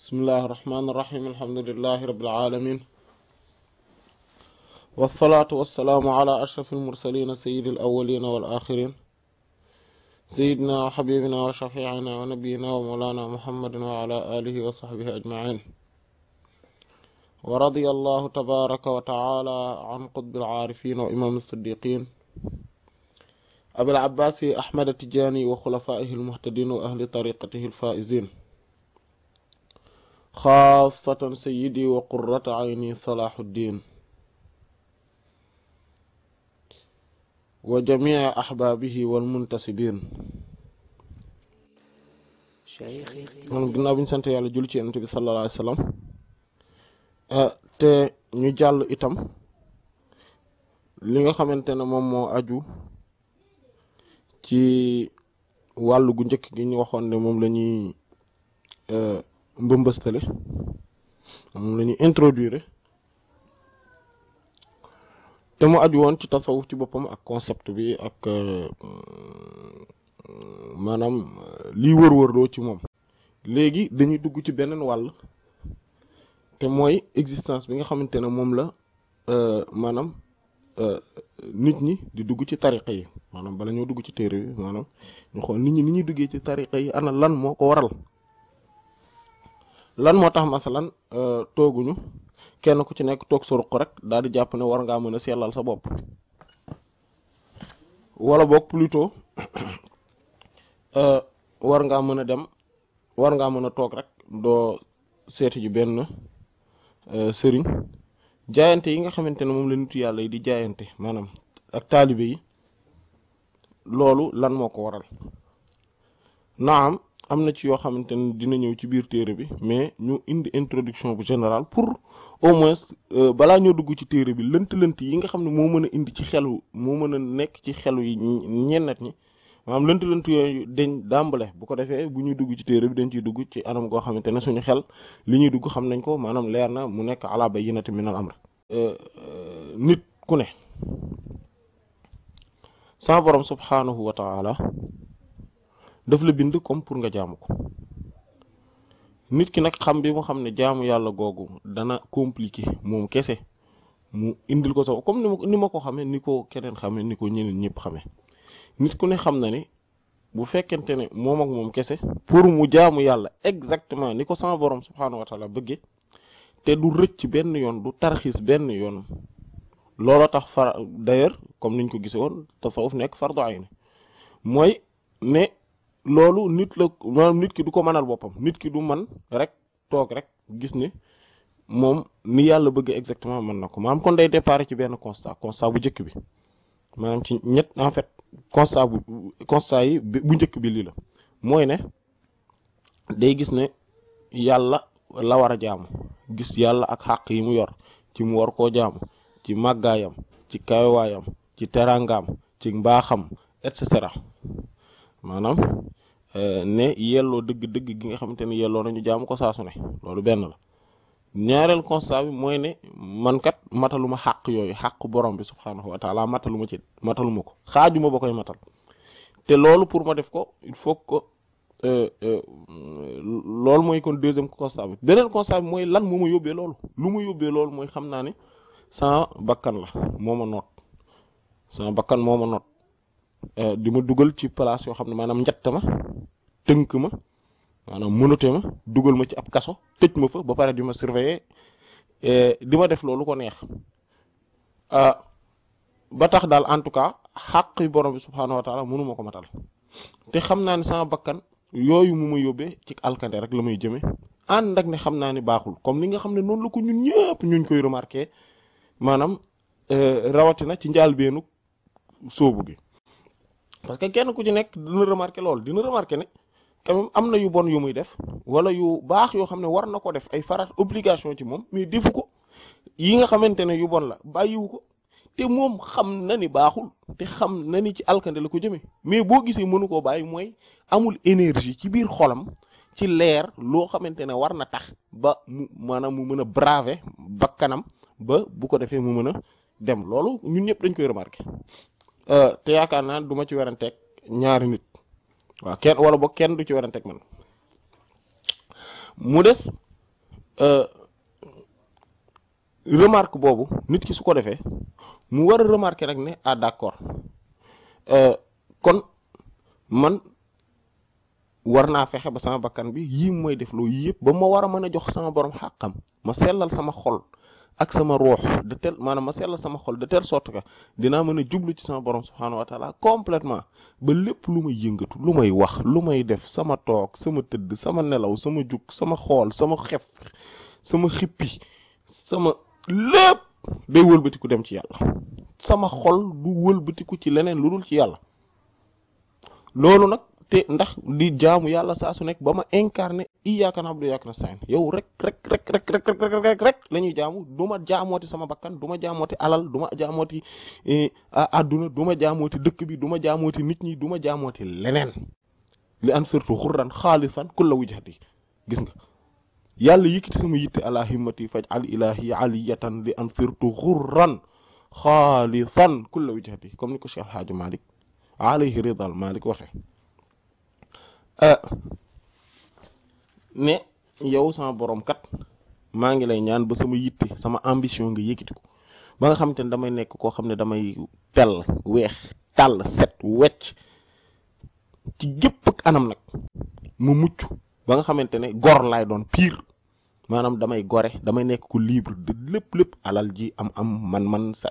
bismillahi irrahmani irrahim alhamdulilahi rabilalamin walsalaatu walsalaamu ala ashraf almursalina sayidi alawalina walaxirin sayidina wa xabibina wa shafiina wa nabiyina wa mawlana muhammadin wa ala alihi wa saxbihi ajmain wa radia allahu tabaraka wa taala an qutbi alcaarifin wa imam alsiddiqin abil abbasi ahmad tijani wa xulafaihi almuhtadin wa ahli tariqatihi alfaizin xaasatan sayidi wa qurrata ayni salahuddin wa jamici axbaabihi walmuntasibin moom ginnaaw bi ñu sant yàlla jul ci yonent bi sallallahu ah, te ñu jàll itam li nga xamante ne moom moo aju ci wàllu gu njëkk gi ñu waxoon moom la eh, mbëmbëstale moom lañuy ñuy introduire te mu aju woon ci tasawuf ci boppam ak concept bi ak euh, maanaam lii wër-wërloo ci moom. léegi dañuy dugg ci beneen wàll te mooy existence bi nga xamante ne moom la euh, maanaam euh, nit ñi di dugg ci tariqa yi maanaam bala ñoo dugg ci téere bi maanaam ñu xool nit ñi ni ñuy duggee ci tariqa yi ana lan moo ko waral. lan moo tax masalan euh, tooguñu kenn ku ci nekk toog sa ruq rek daal di jàpp ne war ngaa mën a seelal sa bopp wala boog plutôt euh, war ngaa mën a dem war ngaa mën a toog rek doo seeti ju benn euh, sëriñ jaayante yi nga xamante ne moom la nitu yàlla yi di jaayante maanaam ak taalibe yi loolu lan moo ko waral naam am na ci yoo xamante ne dina ñëw ci biir téere bi mais ñu indi introduction bu général pour au moins euh, balaa ñoo dugg ci téere bi lënt-lënt yi nga xam ne moo mën a indi ci xelu moo mën a nekk ci xelu yi ñennat ñi maanaam lënt-lënt yooyu dañ dàmbale bu ko defee bu ñuy dugg ci téere bi dañ ciy dugg ci anam goo xamante ne suñu xel li ñuy dugg xam nañ ko maanaam leer na mu nekk ala bayyinati minal amr euh, euh, nit ku ne sa borom subhaanahu wa taala daf la bind comme pour nga jaamu ko nit ki nag xam bi mu xam ne jaamu yàlla googu dana compliqué moom kese mu indil ko sax comme ni ma ko xamee ni ko keneen xamee ni ko ñeneen ñëpp xamee nit ku ne xam na ni bu fekkente ne moom ak moom kese pour mu jaamu yàlla exactement ni ko sama borom subhaanahu wa taala bëgge te du rëcc benn yoon du tarxiis benn yoon looloo tax far d'ailleurs comme niñ ko gisee woon tasawuf nekk fardu ayni mooy ne loolu nit la maanaam nit ki du ko mënal boppam nit ki du man rek toog rek gis ni moom ni yàlla bëgg exactement mën na ko maanaam kon day départ ci benn constat constat bu njëkk bi maanaam ci ñett en fait constat bu njëkk bi lii la mooy ne day gis ni yàlla la war a jaamu gis yàlla ak xàq yi mu yor ci mu war koo jaamu ci màggaayam ci kawewaayam ci teraangaam ci mbaaxam et cetera maanaam euh, ne yelloo dëgg-dëgg gi nga xamante ne yelloo nañu jaamu ko saasu ne loolu benn la ñaareel constat bi mooy ne man kat mataluma xàq yooyu xàq borom bi subhaanahu wa taala mataluma ci mataluma ko xaajuma ba koy matal te loolu pour ma def ko il faut que euh, euh, loolu mooy kon deuxième constat beneen constat mooy lan moo ma yóbbee loolu lu ma yóbbee loolu mooy xam naa ne sama bakkan la moo ma noot sama bakkan moo ma noot Euh, di ma dugal ci place yoo xam ne maanaam njatt ma tënk ma maanaam mënute ma dugal ma ci ab kaso tëj ma fa ba pare di ma surveiller euh, di ma def loolu ko neex euh, ba tax daal en tout cas xàq yi borom bi subhaanahu wa mënuma ko matal te xam naa ne sama bakkan yooyu mu ma yóbbee ci alkande rek la may jëmee ànd ak ne xam naa ne baaxul comme li nga xam ne noonu la ko ñun ñëpp ñuñ koy remarqué maanaam rawatina ci njaal beenu sóobu gi parce que kenn ku ci nekk dina remarquer loolu dina remarquer ne quand même am na yu bon yu muy def wala yu baax yoo xam ne war na ko def ay farat obligation ci moom mais defu ko yi nga xamante ne yu bon la bàyyiwu ko te moom xam na ni baaxul te xam na ni ci alkande la ko jëmee mais boo gisee mënu koo bàyyi mooy amul énergie ci biir xolam ci leer loo xamante ne war na tax ba mu maanaam mu mën a braver kanam ba bu ko defee mu mën a dem loolu ñun ñëpp dañ koy remarquer Euh, te yaakaar naa du ma ci weranteeg ñaari nit waaw kenn wala boog kenn du ci weranteeg man mu des euh, remarque boobu nit ki su ko defee mu war a remarquer rek ne ah d'accord euh, kon man war naa fexe ba sama bakkan bi yii mooy def loolu yii yëpp ba ma war a mën a jox sama borom xàqam ma sellal sama xol ak sama ruux de tel maanaam ma sellal sama xol de telle sorte que dinaa mën a jublu ci sama borom subhaanahu wa taala complètement ba lépp lu may yëngatu lu may wax lu may def sama toog sama tëdd sama nelaw sama jug sama xool sama xef sama xippi sama lépp day wëlbatiku dem ci yàlla sama xol du wëlbatiku ci leneen lu dul ci yàlla loolu nag te ndax di jaamu yàlla saa su nekk ba ma incarné iyyaaka na'budu wa iyyaaka nasta'iin yow rek rek rek rek rek rek rek rek la ñuy jaamu du sama bakkan du ma jaamooti alal du ma jaamooti e, adduna du ma jaamooti dëkk bi duma ma jaamooti nit ñi duma ma jaamooti leneen li an surtout xurran xaalisan kulla wujhati gis nga yàlla yëkkati sama yitte ala himmati faj al ilahi aliyatan li an surtout xurran xaalisan kulla wujhati comme ni ko Cheikh Hadji Malick alayhi ridal Malick waxee ne euh. yow sama boroom kat maa ngi lay ñaan ba sama yitte sama ambition nga yëkkati ko ba nga xamante ne damay nekk koo xam ne damay pell weex tàll set wecc ci gépp ak anam nag mu mucc ba nga xamante ne gor laay doon piir maanaam damay gore damay nekk ku libre de lépp lépp alal ji am am man man sa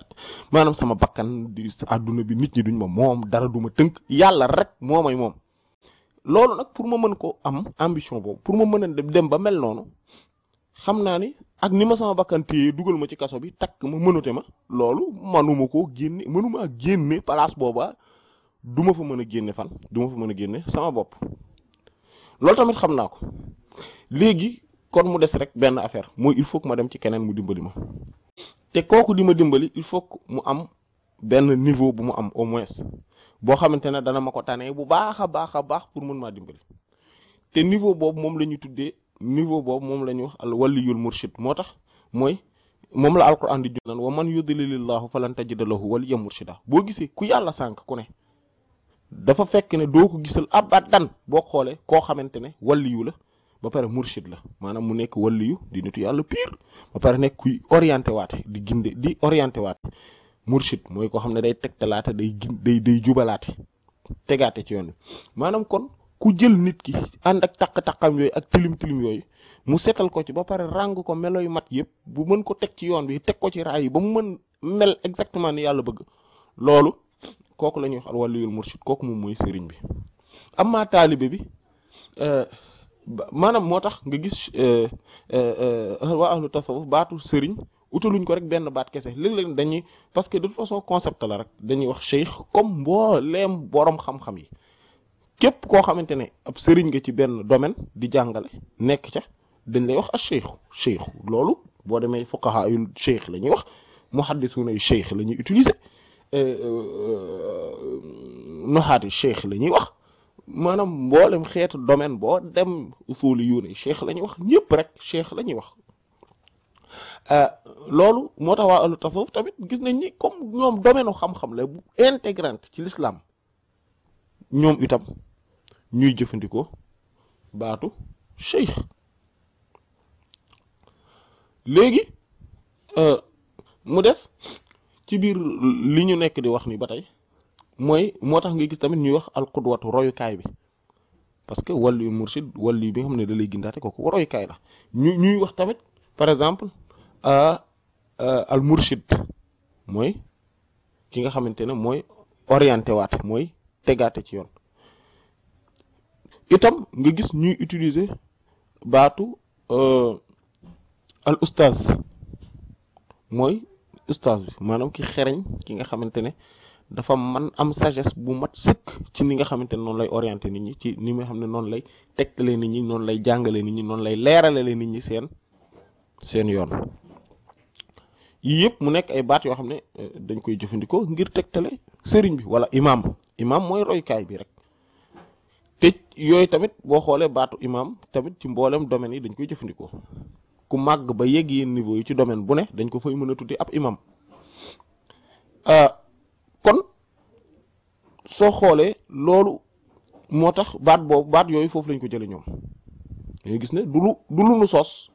maanaam sama bakkan di àdduna bi nit ñi duñ ma moom dara duma tënk yàlla rek moo moom loolu nag pour ma mën koo am ambition boobu pour ma mën a dem ba mel noonu xam naa ni ak ni ma sama bakkan dugal ma ci kaso bi takk ma mënute ma loolu manuma ko génne mënuma ak génne place booba du ma fa mën a génne fan du ma fa mën a génne sama bopp loolu tamit xam naa ko léegi kon mu des rek benn affaire mooy il faut que ma dem ci keneen mu dimbali ma te kooku di ma dimbali il faut que mu am benn niveau bu mu am au moins boo xamante ne dana ma ko tane bu baax a baax a baax pour mën maa dimbali te niveau boobu moom la ñu tuddee niveau boobu moom la ñuy wax al waliyul murshid moo tax mooy moom la alquran di junan wa man yudlilillahu falan tajida lahu waliyan murshida boo gisee ku yàlla sànk ku ne dafa fekk ne doo ko gisal abadan boo xoolee koo xamante ne waliyu la ba pare murshid la maanaam mu nekk waliyu di nitu yàlla pire ba pare nekk kuy orienté waate di ginde di orienté waate murshid mooy koo xam ne day teg tegtalaate day day day jubalaate tegaate ci yoon bi maanaam kon ku jël nit ki ànd ak taq-taqam yooyu ak tilim-tilim yooyu mu setal ko ci ba pare ràng ko melo yu mat yëpp bu mën ko teg ci yoon bi teg ko ci raay yi ba mu mën mel exactement ni yàlla bëgg loolu kooku lañuy ñuy wax al kooku moom mooy sëriñ bi amma taalibe bi euh, maanaam moo tax nga gis euh, euh, waa ahlu tasawuf baatu sëriñ utaluñ ko rek benn baat kese léeg-léeg dañuy parce que de toute façon concept la rek dañuy wax cheikh comme mbooleem borom xam-xam yi képp koo xamante ne ab sëriñ nga ci benn domaine di jàngale nekk ca dañ lay wax ak cheikhu cheikhu loolu boo demee fuqaha yu cheikh la ñuy wax muhaddisuna yu cheikh la ñuy utiliser euh, euh, euh, noxaat yu cheikh la ñuy wax maanaam mboolem xeetu domaine boo dem usuli yu ne cheikh la ñuy wax ñëpp rek cheikh la ñuy wax Euh, loolu moo tax waa alu tasawuf tamit gis nañ ni comme ñoom domaine xam-xam la bu intégrante ci lislaam ñoom itam ñuy jëfandikoo baatu cheikh léegi euh, mu des ci biir li ñu nekk di wax ni ba tey mooy moo tax nga gis tamit ñuy wax alqudwatu royukaay bi parce que wàllu mursid wàllu bi nga xam ne da lay gindaate kooku royukaay la ñu ñuy wax tamit par exemple al murshid mooy ki nga xamante ne mooy orienté waat mooy tegaate ci yoon itam nga gis ñuy utiliser baatu euh, al ustaz mooy ustaz bi maanaam ki xereñ ki nga xamante ne dafa man am sagesse bu mat sëkk ci ni nga xamante ne noonu lay orienté nit ñi ci ni nga xam ne noonu lay tegtale nit ñi noonu lay jàngale nit ñi noonu lay leeralale nit ñi seen seen yoon yii yëpp mu nekk ay baat yoo xam ne euh, dañ koy jëfandikoo ngir tegtale sëriñ bi wala imaam imaam mooy roykaay bi rek te yooyu tamit boo xoolee baatu imaam tamit ci mboolem domaine yi dañ koy jëfandikoo ku màgg ba yegg yenn niveau yi ci domaine bu ne dañ ko fay mën a tuddi ab imaam euh, kon soo xoolee loolu moo tax baat boobu baat yooyu foofu lañ ko jëlee ñoom dañuy gis ne du lu du lu nu sos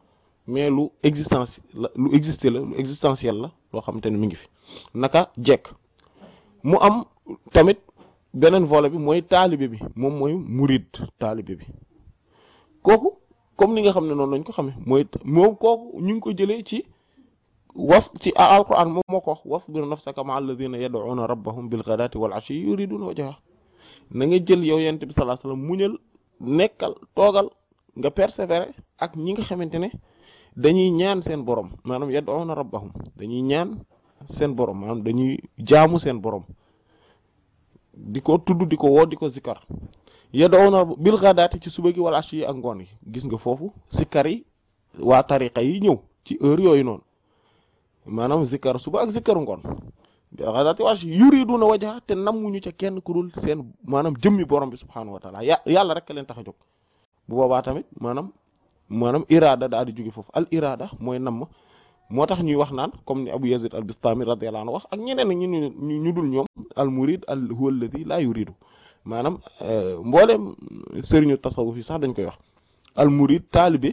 mais lu existence la lu exister la lu existentiel la loo xamante ne mi ngi fi naka jekk mu am tamit beneen volet bi mooy taalibe bi moom mooy murid taalibe bi kooku comme ni nga xam ne noonu lañ ko xame mooy moo kooku ñu ngi ko jëlee ci was ci alquran moom moo ko wax wasbir nafsaka ma alladhina yad'una rabbahum bil ghadati wal ashi yuriduna wajha na nga jël yow yent bi sallallahu alayhi wasallam muñal nekkal toogal nga persévérer ak ñi nga xamante ne dañuy ñaan seen borom maanaam yad'una rabbahum dañuy ñaan seen borom maanaam dañuy jaamu seen borom di ko tudd di ko woo di ko zikkar yad'una bil ghadati ci suba gi wala ak ngoon gi gis nga foofu sikkar yi waa tariqa yi ñëw ci heure yooyu noonu maanaam zikkar suba ak zikkaru ngoon bil ghadati wal ashi na wajha te nam namuñu ca kenn ku dul seen maanaam jëmmi borom bi subhaanahu wa taala yàlla rek leen tax a jóg bu boobaa tamit maanaam iraada daal di jóge foofu al iraada mooy namm moo tax ñuy wax naan comme ni Abu Yazid al Bistami radiyallahu anhu wax ak ñeneen ñu ñu ñu dul ñoom al murid al huwa alladhi la yuridu maanaam euh, mboolem sëriñu tasawuf yi sax dañ koy wax al murid taalibe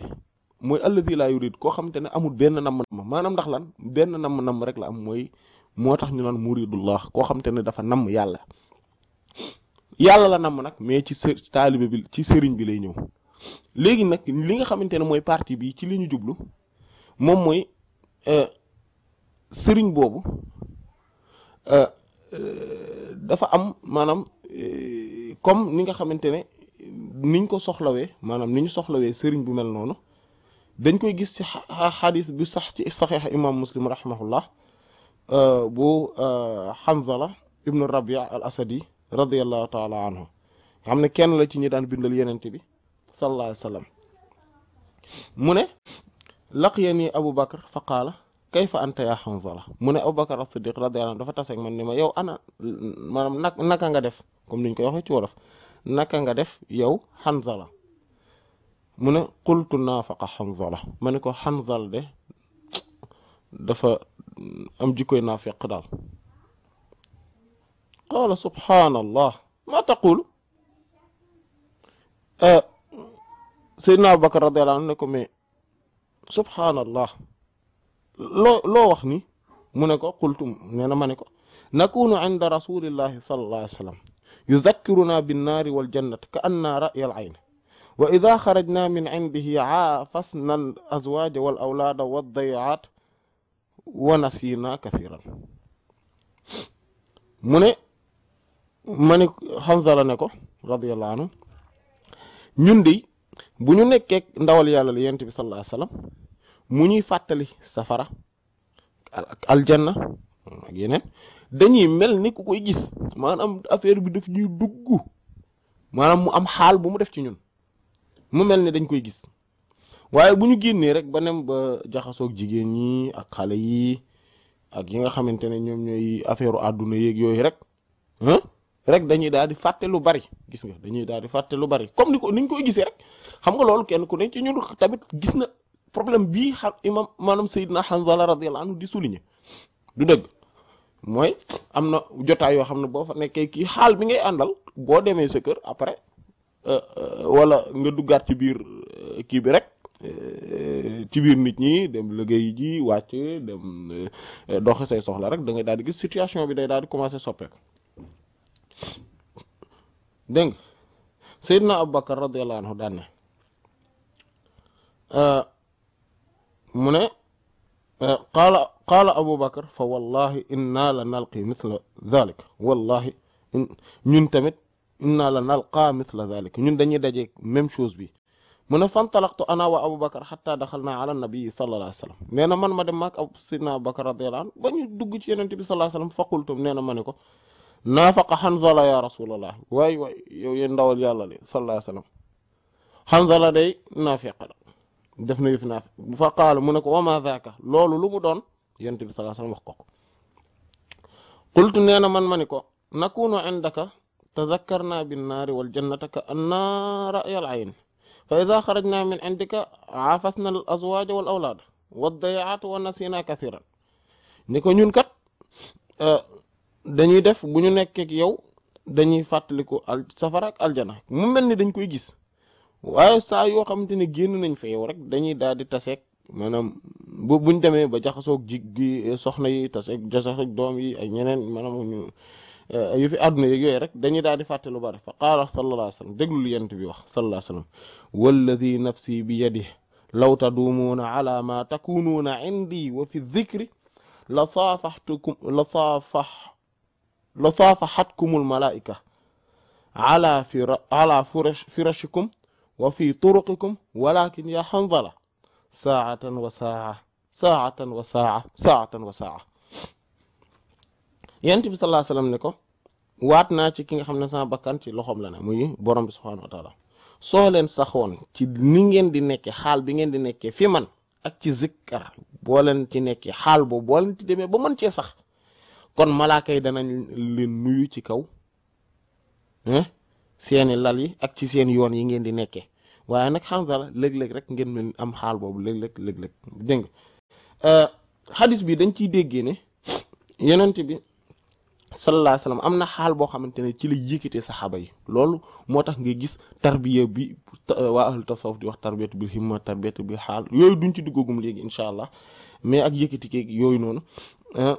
mooy alladhi la yurid koo xamante ne amul benn namm namm maanaam ndax lan benn namm namm rek la am mooy moo tax ñu naan muridullah koo xamante ne dafa namm yàlla yàlla la namm nag mais ci së taalibe ci sëriñ bi lay ñëw. léegi nag li nga xamante ne mooy partie bi ci li ñu jublu moom mooy euh, sëriñ boobu euh, dafa am maanaam euh, comme ni nga xamante ne niñ ko soxlawee maanaam ni ñu soxlawee sëriñ bu mel noonu dañ koy gis ci xadis bi sax ci saxiix imam muslim rahimahullah bu Hanzala ibnu Rabia al asadi radiallahu taala anhu xam ne kenn la ci ñi daan bindal yenente bi sallallahu alayhi wa sallam mu ne laqiyani Abu Bakr fa qaala kayfa anta yaa Hanzala mu ne Abu Bakr as-Siddiq radiyallahu anhu dafa tase ak man ne ma yow ana maanaam nak naka nga def comme niñ koy waxee ci wolof naka nga def yow Hanzala mu ne qultu naafaqa Hanzala ma ne ko Hanzala de dafa am jikkoy naafiq daal qaala subhaanallah maa taqulu Seydina Abubakar radiyallahu anhu ne ko mais subhaanallah loo loo wax ni mu ne ko qultum nee na ma ne ko nakunu inda rasulillahi sallallahu alayhi wa sallam yuzakkiruna binnaari wal jannati ka annaa ra'yal ayn wa ida xarajna min indihi aafasna al azwaaja wal awlaada waddayaat wa nasiina kathiran mu ne ma ne Hanzala ne ko radiyallahu anhu ñun de bu ñu nekkee ndawal yàlla la yonent bi sallallahu alayhi mu ñuy fàttali safara ak aljanna ak yeneen dañuy mel ni ku koy gis maanaam affaire bi daf ñuy dugg maanaam mu am xaal bu mu def ci ñun mu mel ni dañ koy gis waaye bu ñu génnee rek ba nem ba jaxasoog jigéen ñi ak xale yi ak yi nga xamante ne ñoom ñooy affaire àdduna yéeg yooyu rek rek dañuy daal di fàtte lu bari gis nga dañuy daal di fàtte lu bari comme ni ko niñ koy gisee rek xam nga loolu kenn ku ne ci ñun tamit gis na problème bii xam seyd maanaam Seydina Hanzala radiyallahu anhu di souligner du dëgg mooy am na jotaay yoo xam ne boo fa nekkee kii xaal bi ngay àndal boo demee sa kër après euh, euh, wala nga duggaat ci biir euh, kii bi rek ci biir nit ñi dem liggéey ji wàcc dem doxi soxla rek da ngay daal di gis situation bi day daal di commencer soppeeku dégg naa Seydina Abubakar radiyallahu anhu daan ne mu ne qaala qaala abu bakar fa wallahi inna la nalqi mithla dhalik wallahi ñun tamit inna la nalqaa mithla dhalik ñun dañuy daje même chose bi mu ne fantalaqtu ana wa abu bakar xatta daxal naa ala nabii sallallahu alayhi wa na man ma dem maag ab sidna abu bakar radiyallahu ba ñu dugg ci yenente bi sallallahu alayhi wa sallam faqultum nee na ma ne ko naafaqa xanzala ya rasulallah waay waay yow yéen ndawal li sallallahu alayhi wa sallam xanzala def na yëf naaf bu fa qaala mu ne ko wa ma zaaka loolu lu mu doon yonent bi sallallahu alayhi wax ko ko qultu nee na man ma ne ko nakunu indaka tazakkarna bin naari wal jannata ka anna ra'yal ayn fa ida xarajna min indika aafasna al azwaaja wal awlaad waddayaat wa nasina kathiran ni ko ñun e, dañuy def bu ñu nekkeek yow dañuy fàttaliku al safara ak mu mel ni dañ koy gis waaye saa yoo xamante ni génn nañ fa yow rek dañuy daal di taseeg maanaam bu buñ demee ba jaxasook jig gi eh, soxna yi taseeg jaxasoog doom yi ak ñeneen maanaam ñu eh, yu fi àdduna yeeg yooyu rek dañuy daal di fàtte lu bari fa qaala sallallahu alayhi wa sallam déglul bi wax sallallahu alayhi wala sallam walladi nafsi bi indi wa la saafaxtukum la saafax ala fira firashikum wa fi turuqikum walakin ya hanzala saatan wa saa saatan wa saa saatan wa saa yent bi sallallahu alayhi wasallam ne ko waat naa ci ki nga xam ne sama bakkan ci loxoom la ne muy borom bi subhaanahu wa taala soo leen saxoon ci ni ngeen di nekke xaal bi ngeen di nekkee fi man ak ci zikkar boo ci nekke xaal boobu boo ci demee ba man cee sax kon malaaka yi danañ leen nuyu ci kaw seeni lal yi ak ci seen yoon yi ngeen di nekkee waaye nag Hanzala léeg-léeg rek ngeen mën am xaal boobu léeg-léeg léeg-léeg dégg nga euh, hadis bi dañ ciy déggee ne yonent bi sallallahu alayhi wasallam am na xaal boo xamante ne ci la yëkkatee saxaaba yi loolu moo tax nga gis tarbiya bi euh, waa ahlu tasawuf di wax tarbiyatu bil himma tarbiyatu bi xaal yooyu duñ ci duggagum léegi incha allah mais ak yëkkati keeg yooyu noonu euh,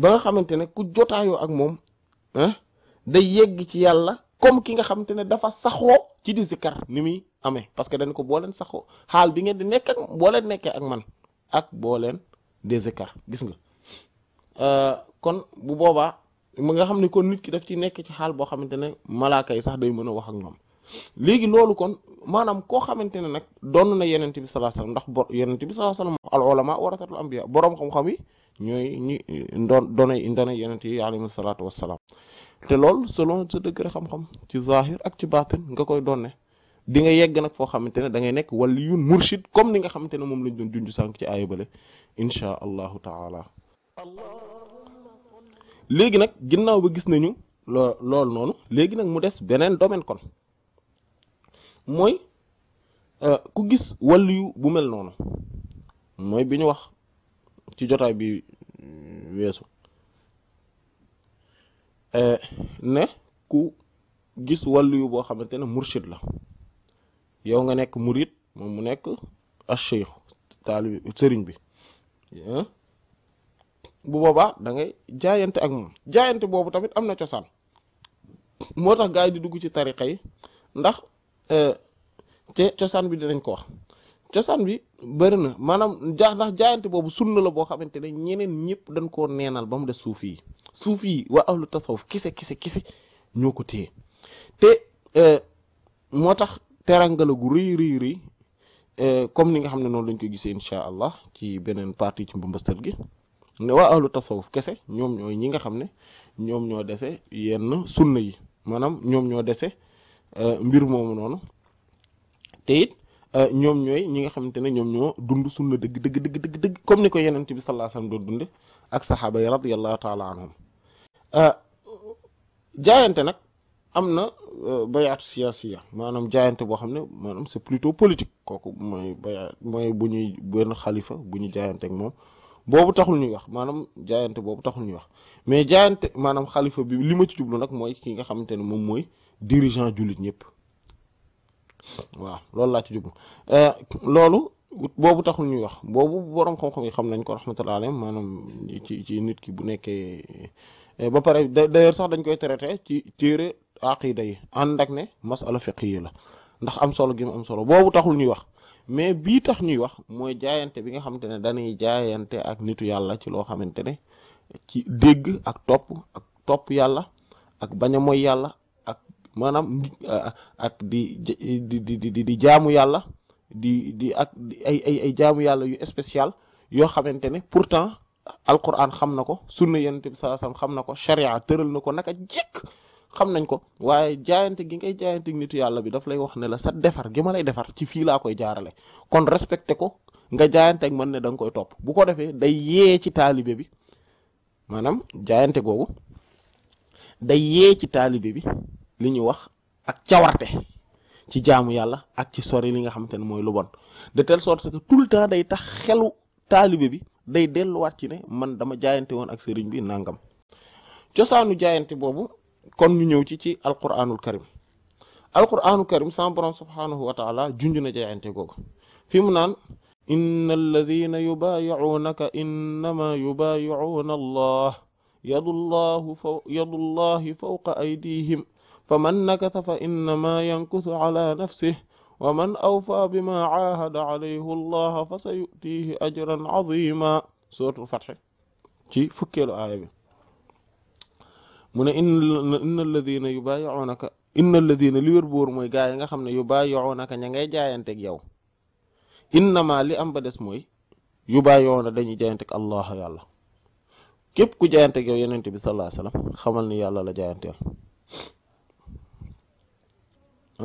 ba nga xamante ne ku jotaayoo ak moom da yegg ci yàlla comme ki nga xamante ne dafa saxoo ci di zikkar ni muy amee parce que dañ ko boo leen saxoo xaal bi ngeen di nekk booleen nekkee ak man ak booleen leen di zikkar gis nga euh, kon bu boobaa mu nga xam ne kon nit ki def ci nekk ci xaal boo xamante ne malaaka yi sax day mën a wax ak ñoom léegi loolu kon maanaam koo xamante ne nag doon na yenente bi sallallahu alayhi wasallam ndax bo yenente bi sallallahu alayhi wasallam al ulama warasatul anbiya boroom xam-xam yi ñooy ñi doon doonay doonay yenente yi te loolu selon sa degré xam-xam ci zahir ak ci baatin nga koy doon ne di nga yegg nag foo xamante ne dangay ngay nekk waliyun murshid comme ni nga xamante ne moom lañ doon junj sànq ci aaya bale insha allahu taala léegi nag ginnaaw ba gis nañu lool noonu léegi nag mu des beneen domaine kon mooy euh, ku gis waliyu bu mel noonu mooy bi ñu wax ci jotaay bi weesu Euh, ne ku gis wàllu yu boo xamante ne murshid la yow nga nekk murid moom mu nekk ash-shaykh sëriñ bi bu boobaa dangay jaayante ak moom jaayante boobu tamit am na cosaan moo tax gaa yi di dugg ci tariqa yi ndax euh, te cosaan bi dinañ ko wax cosaan bi bëri na maanaam ja ndax jaayante boobu sunna la boo xamante ne ñeneen ñëpp dañ ko neenal ba mu def suufi yi suufi yi waa ahlu tasawuf kese kese kese ñoo ko téye te euh, moo tax terangala gu rëy rëy rëy euh, comme ni nga xam ne noonu lañ koy gisee incha allah ci beneen partie ci mbambastal gi ne waa ahlu tasawuf kese ñoom ñooy ñi nga xam ne ñoom ñoo dese yenn sunna yi maanaam ñoom ñoo dese euh, mbir moomu noonu te it ñoom ñooy ñi nga xamante ne ñoom ñoo dund sunna dëgg dëgg dëgg dëgg dëgg comme ni ko yenent sa laa alayhi wasallam doon dunde ak saxaaba yi radiyallahu taala anhum Euh, jaayante nag am na euh, bayaatu siyaasiya maanaam jaayante boo xam ne maanaam c'est plutôt politique kooku mooy bayaat mooy bu ñuy benn xalifa bu ñu jaayante ak moom boobu taxul ñuy wax maanaam jaayante boobu taxul ñuy wax mais jaayante maanaam xalifa bi li ma ci jublu nag mooy ki nga xamante ne moom mooy dirigeant jullit ñëpp waaw loolu laa ci jublu euh, loolu boobu taxul ñuy wax boobu boroom xam-xam yi xam nañ ko rahmatullahi alayhim maanaam ci ci nit ki bu nekkee Eh, ba pare d'ailleurs sax dañ koy traité ci téere aqida yi ànd ak ne masala fiqhi la ndax am solo gi am solo boobu taxul ñuy wax mais bii tax ñuy wax mooy jaayante bi nga xamante ne dañuy jaayante ak nitu yàlla ci loo xamante ne ci dégg ak topp yàlla ak bañ a mooy yàlla ak maanaam ah, ak di di jaamu yàlla di di ak ay jaamu yàlla yu spécial yoo xamante ne pourtant al alquran xam na ko sunna yonent bi sallallahu xam na ko sharia tëral na ko naka jekk xam nañ ko waaye jaayante gi ngay jaayante nitu yàlla bi daf lay wax ne la sa defar gi ma lay defar ci fii laa koy jaarale kon respecté ko nga jaayante ak man ne da koy topp bu ko defee day yee ci taalibe bi maanaam jaayante googu day yee ci taalibe bi li ñuy wax ak cawarte ci jaamu yàlla ak ci sori li nga xamante ne mooy lu bon de telle sorte que tout le temps day tax xelu taalibe bi day delluwaat ci ne man dama jaayante woon ak sëriñ bi nangam cosaanu jaayante boobu kon ñu ñëw ci ci alquranul karim alquranul karim sama borom subhaanahu wa taala junj na fi mu naan inna alladina yubaayicuunaka innama yubaayicuuna allah yadullahu faw yadullahi fawqa aydihim faman nakatha fa innama yankuthu ala nafsihi ومن أوفى بما عاهد عليه الله فسيؤتيه أجرا عظيما سورة الفتح ci fukkeelu aaya bi mu ne inna alladina yubaayi'unaka inna alladina li wér boor mooy gaa yi nga xam ne yubaayi'unaka ña ngay jaayanteeg yow innama li am ba des mooy yubaayi'una dañuy jaayanteeg allah yàlla képp ku jaayanteeg yow yenente bi sallallahu alayhi wasallam xamal ni yàlla la jaayanteel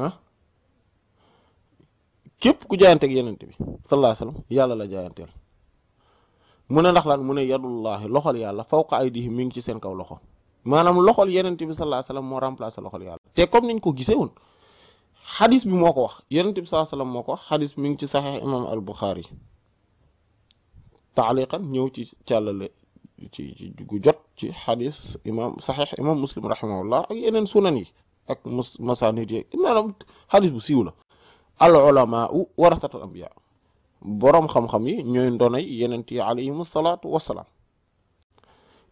ah? képp ku jaayanteeg yenente bi sallallahu alayhi wasallam yàlla la jaayanteel mu ne ndax lan mu ne yadullahi loxol yàlla fawqa aydihim mi ngi ci seen kaw loxo maanam loxol yenente bi sallallahu alayhi wasallam moo remplacé loxol yàlla te comme niñ ko gisee woon xadis bi moo ko wax yenente bi sallallahu alayhi wasallam moo ko wax xadis mi ngi ci saxiix imam al Buxaari taaliqan ñëw ci càllale ci gu jot ci xadis imam saxiix imam muslim rahimahullah ak yeneen sunan yi ak mus masanid yi maanaam bu siiw la al ulama warasatul anbiya boroom xam-xam yi ñooy ndonoy yenent yi alayhim salaatu wasalaam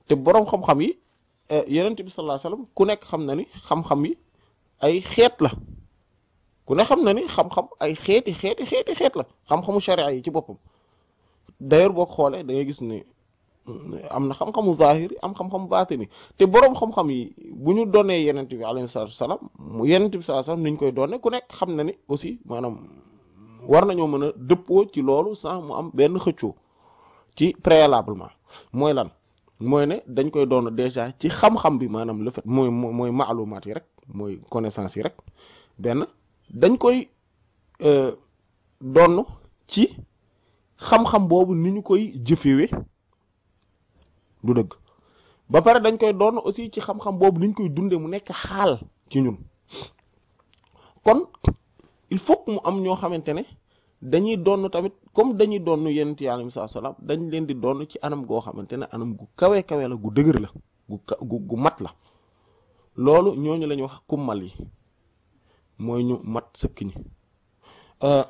te boroom xam-xam yi eh, yenenti bi sallallahu alayhi wasallam ku nekk xam na ni xam-xam yi ay xeet la ku ne xam na ni xam-xam ay xeeti xeeti xeeti xeet la xam-xamu sharia yi ci boppam d'ailleurs boo ko xoolee da ngay gis ni am na xam-xamu zahiri am xam-xamu baatini te boroom xam-xam yi bu ñu donnee yenent bi alayhi salaatu wasalaam mu yenent bi salaatu wasalaam ni koy doonee ku nekk xam na ni aussi maanaam war nañoo mën a dëppoo ci loolu sans mu am benn xëccoo ci préalablement mooy lan mooy ne dañ koy doon déjà ci xam bi maanaam le fait mooy mooy maalumaat yi rek mooy connaissance yi rek benn dañ koy euh, donn ci xam-xam boobu ni ñu koy jëfewe du dëgg ba pare dañ koy doon aussi ci xam-xam boobu niñ koy dundee mu nekk xaal ci ñun kon il faut mu am ñoo xamante ne dañuy doon tamit comme dañuy doon yonent Yàlla mi saa salaam dañ leen di doon ci anam goo xamante ne anam gu kawe kawe la gu dëgër la gu mat la loolu ñooñu la ñuy wax kummal yi mooy ñu mat sëkk ñi euh,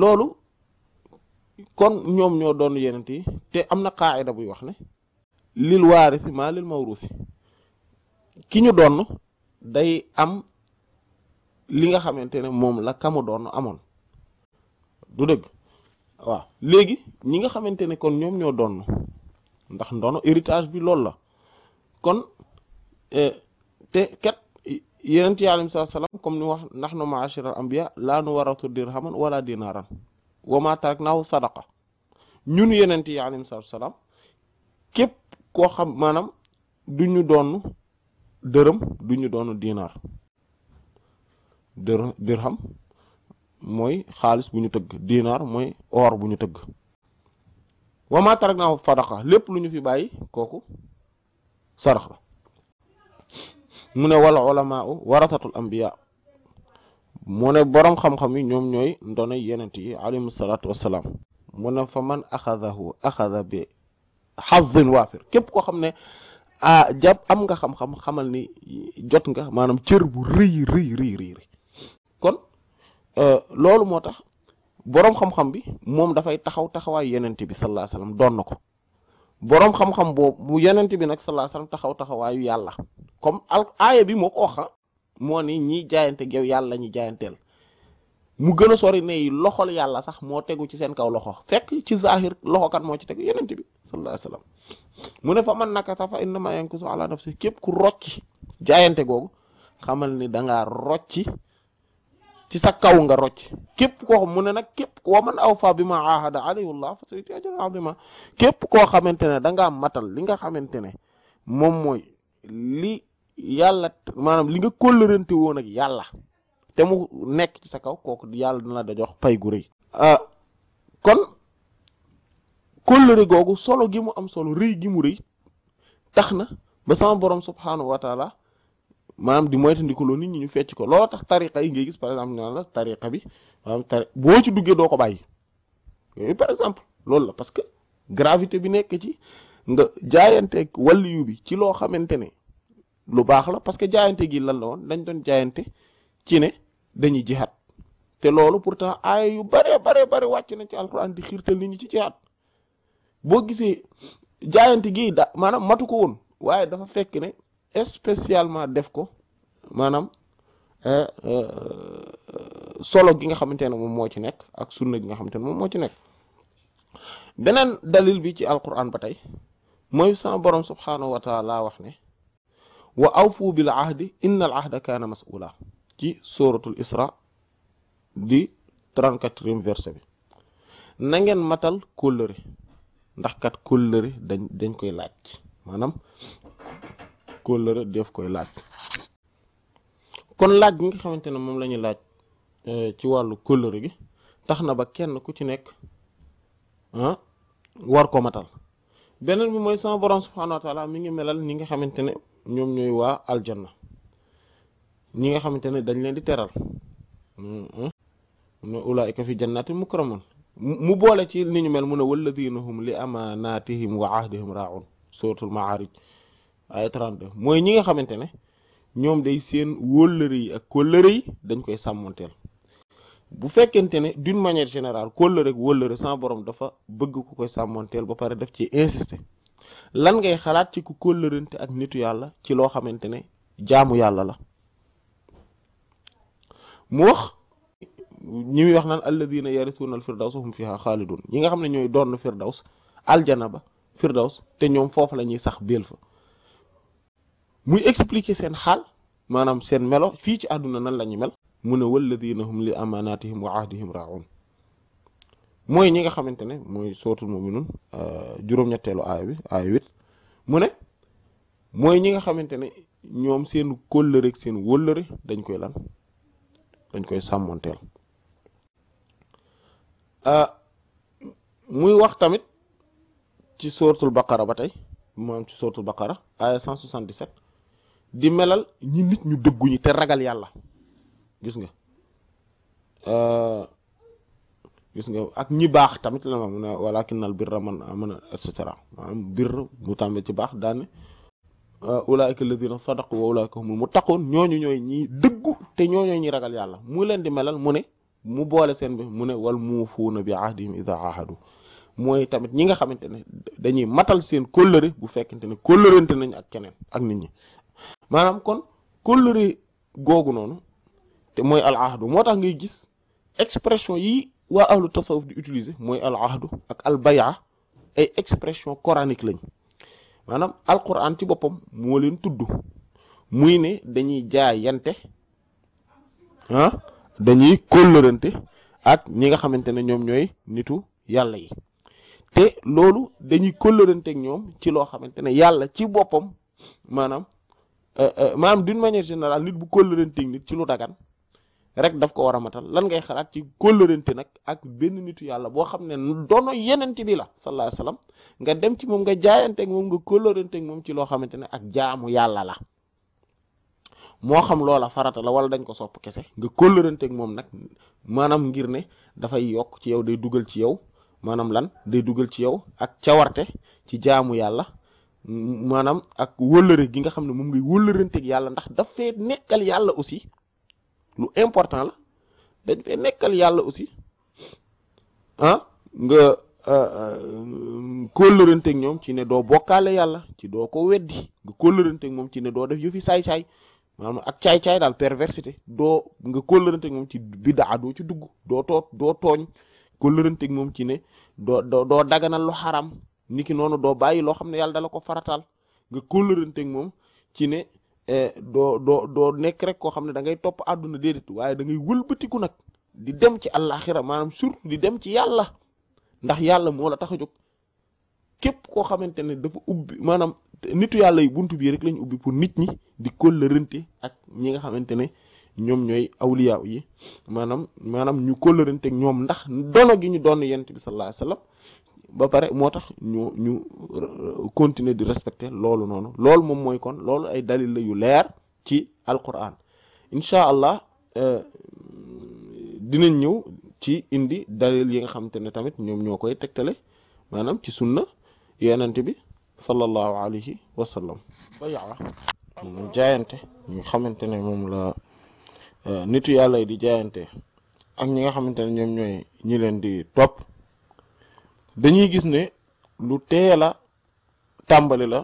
loolu kon ñoom ñoo doon yonent yi te am na qaayida buy wax ne. lil waarisi maa lil mawrusi ki ñu donn day am li nga xamante ne moom la kamu doon amoon du dëgg waaw léegi ñi nga xamante ne kon ñoom ñoo doon ndax ndono héritage bi loolu la kon eh, te kat yeneen yi alayhi salaam comme ni wax nahnu ma'ashira al anbiya laa nu waratu dirhaman walla dinaaran wa ma naaw sadaqa ñun yeneen yi alayhi salaam képp koo xam maanaam du ñu doon dërëm du ñu doon diinaar dër dirham mooy xaalis bu ñu tëgg diinaar mooy or bu ñu tëgg wa ma taraknaahu lépp lu ñu fi bàyyi kooku sarax la mu ne wal ulamaa warasatul anbiya mu ne boroom xam-xam yi ñoom ñooy ndono yenent yi alayhimu salaatu wassalaam mu ne fa man axadahu axada bi xazin waafir képp koo xam ne ah jàpp am nga xam-xam xamal ni jot nga maanaam cër bu rëy rëy rëy rëy kon euh, loolu moo tax boroom xam-xam bi moom dafay taxaw taxawaay yenent bi sallallahu alayhi doon na ko boroom xam-xam boobu mu bi nag sallallahu alayhi taxaw taxawaayu yàlla comme al aaya bi moo ko wax moo ni ñiy jaayante geew yàlla ñi jaayanteel mu gën a sori ne loxol yàlla sax moo tegu ci seen kaw loxo fekk ci zahir loxo kan moo ci tegu yeneen bi sallallahu alayhi mu ne fa man nakasa fa innama yankusu ala nafsi képp ku rocci jaayante googu xamal ni da rocci ci sa kaw nga rocc képp koo mu ne nag képp wa man awfa bi ma ahada alayhi Allah fa sayuti ajran képp koo xamante ne danga ngaa matal li nga xamante ne moom mooy li yàlla maanaam li nga kóllërante woo ak yàlla te mu nekk ci sa kaw kooku yàlla dina la da jox pay gu rëy ah, kon kóllëre googu solo gi mu am solo rëy gi mu rëy tax na ba sama borom subhaanahu wa taala maanaam di moytandikuloo nit ñi ñu fecc ko looloo tax tariqa yi ngay gis par exemple naa la tariqa bi maanaam tari boo ci duggee doo ko bàyyi yooyu par exemple loolu la parce que gravité bi nekk ci nga jaayanteeg waliyu bi ci loo xamante ne lu baax la parce que jaayante gi lan la woon dañ doon jaayante ci ne dañuy jihaat te loolu pour pourtant aaya yu bare bare bare wàcc nañ ci alquran di xiirtal nit ñi ci jihaat boo gisee jaayante gi da maanaam matu ko woon waaye dafa fekk ne spécialement def ko maanaam eh, eh, solo gi nga xamante ne moom moo ci nekk ak sunna gi nga xamante ne moom moo ci nekk beneen dalil bi ci alquran ba tey mooy sama borom subhaanahu wa taala wax ne wa awfu bil ahdi inna al ahda kaana mas'uula ci sóoratul isra di 34e verset bi na ngeen matal kóllëre ndax kat kóllëre dañ dañ koy laaj maanaam kóllëre def koy laaj kon laaj bi nga xamante ne moom la ñuy laaj euh, ci wàllu kóllëre gi tax na ba kenn ku ci nekk ah war ko matal beneen bi mooy sama borom subhanahu wa taala mi ngi melal ñi nga xamante ne ñoom ñooy waa aljanna ñi nga xamante ne dañ leen di teral mm, mm. ne ulaayika fi jannati mu boole ci ni ñu mel mu ne walladina hum li amanatihim wa ahdihim raun suratul maarij ay 32 mooy ñi nga xamante ne ñoom day seen wóllëre yi ak kóllëre yi dañ koy sàmmonteel bu fekkente ne d'une manière général kóllëre ak wóllëre sans borom dafa bëgg ku koy sàmmonteel ba pare def ci insister lan ngay xalaat ci ku kóllërante ak nitu yàlla ci loo xamante ne jaamu yàlla la mu wax ñi muy wax naan alladina yarithuna al firdaws hum fiha xaalidun ñi nga xam ne ñooy doon na firdaws aljana ba firdaws te ñoom foofu la ñuy sax beel fa muy expliquer seen xaal maanaam seen melo fii ci àdduna nan la ñu mel mu ne walladina hum li amanatihim wa ahdihim raun mooy ñi nga xamante ne mooy sootul muminun euh, juróom-ñetteelu aaya bi aaya huit mu ne mooy ñi nga xamante ne ñoom seen kóllëre ak seen wóllëre dañ koy lan dañ koy sàmmonteel ah, muy wax tamit ci sóortul baqara ba tey maanaam ci sóortul baqara aaya 177 di melal ñi nit ñu dëgguñu te ragal yàlla gis nga ah, gis nga ak ñi baax tamit la ma mun a walakin al birra man amana et cetera maanaam birr mu tàmbee ci baax daane Euh, ulaika alladina sadaqu wa ulaika humul muttaqun ñooñu ñooy ñi dëggu te ñooñooy ñi ragal yàlla mu leen di melal mu ne mu boole seen bi mu ne wal muufuuna bi ahdihim ida ahadu mooy tamit ñi nga xamante ne dañuy matal seen kóllëre bu fekkente ne kóllërente nañ ak keneen ak nit ñi maanaam kon kóllëre googu noonu te mooy al ahdu moo tax ngay gis expression yi waa ahlu tasawuf di utiliser mooy al ahdu ak al baya ay expression coranique lañ maanaam alquran ci boppam moo leen tudd muy ne dañuy jaayante ah dañuy kóllërante ak ñi nga xamante ne ñoom ñooy nitu yàlla yi te loolu dañuy kóllërante ak ñoom ci loo xamante ne yàlla ci boppam maanaam euh, euh, maanaam d'une manière générale nit bu kóllërante ak nit ci lu dagan rek daf ko war a matal lan ngay xalaat ci kóllërante nag ak benn nitu yàlla boo xam ne doono yenent bi la sallallahu alayhi nga dem ci moom nga jaayanteeg moom nga kóllëranteeg moom ci loo xamante ne ak jaamu yàlla la moo xam loola farata la wala dañ ko sopp kese nga kóllëranteeg moom nag maanaam ngir ne dafay yokk ci yow day dugal ci yow maanaam lan day dugal ci yow ak cawarte ci jaamu yàlla maanaam ak wëllëre gi nga xam ne moom ngay wëllëranteeg yàlla ndax dafay nekkal yàlla aussi lu important la dañ fee nekkal yàlla aussi ah nga ah, ah, kóllëranteeg ñoom ci ne doo bokkaale yàlla ci doo ko weddi nga kóllëranteeg moom ci ne doo def yëfi saay-saay maanaam ak caay-caay daal perversité doo nga kóllëranteeg moom ci bidaa doo ci dugg doo too doo tooñ kóllëranteeg moom ci ne doo doo daganal lu xaram niki noonu doo bàyyi loo xam ne yàlla dala ko faratal nga kóllëranteeg moom ci ne Eh, doo doo doo nekk rek koo xam ne da ngay topp àdduna déedéet waaye da ngay wëlbatiku nag di dem ci àllaaxira maanaam surtout di dem ci yàlla ndax yàlla moo la tax a jóg képp koo xamante ne dafa ubbi maanaam nitu yàlla yi buntu bii rek lañ ubbi pour nit ñi di kóllërante ak ñi nga xamante ne ñoom ñooy awliyaaw yi maanaam maanaam ñu kóllërante ñoom ndax dono gi ñu doon yent bi sallallahu alayhi ba pare moo tax ñu ñu euh, continuer di respecter loolu noonu loolu moom mooy kon loolu ay dalil la yu leer ci alquran incha allah euh, dinañ ñëw ci indi dalil yi nga xamante ne tamit ñoom ñoo koy tegtale maanaam ci sunna yenente bi sallallahu alayhi wa sallam jaayante ñu xamante ne moom la euh, nit yàlla yi di jaayante ak ñi nga xamante ne ñoom ñooy ñu leen di topp dañuy gis ne lu teel la tàmbali la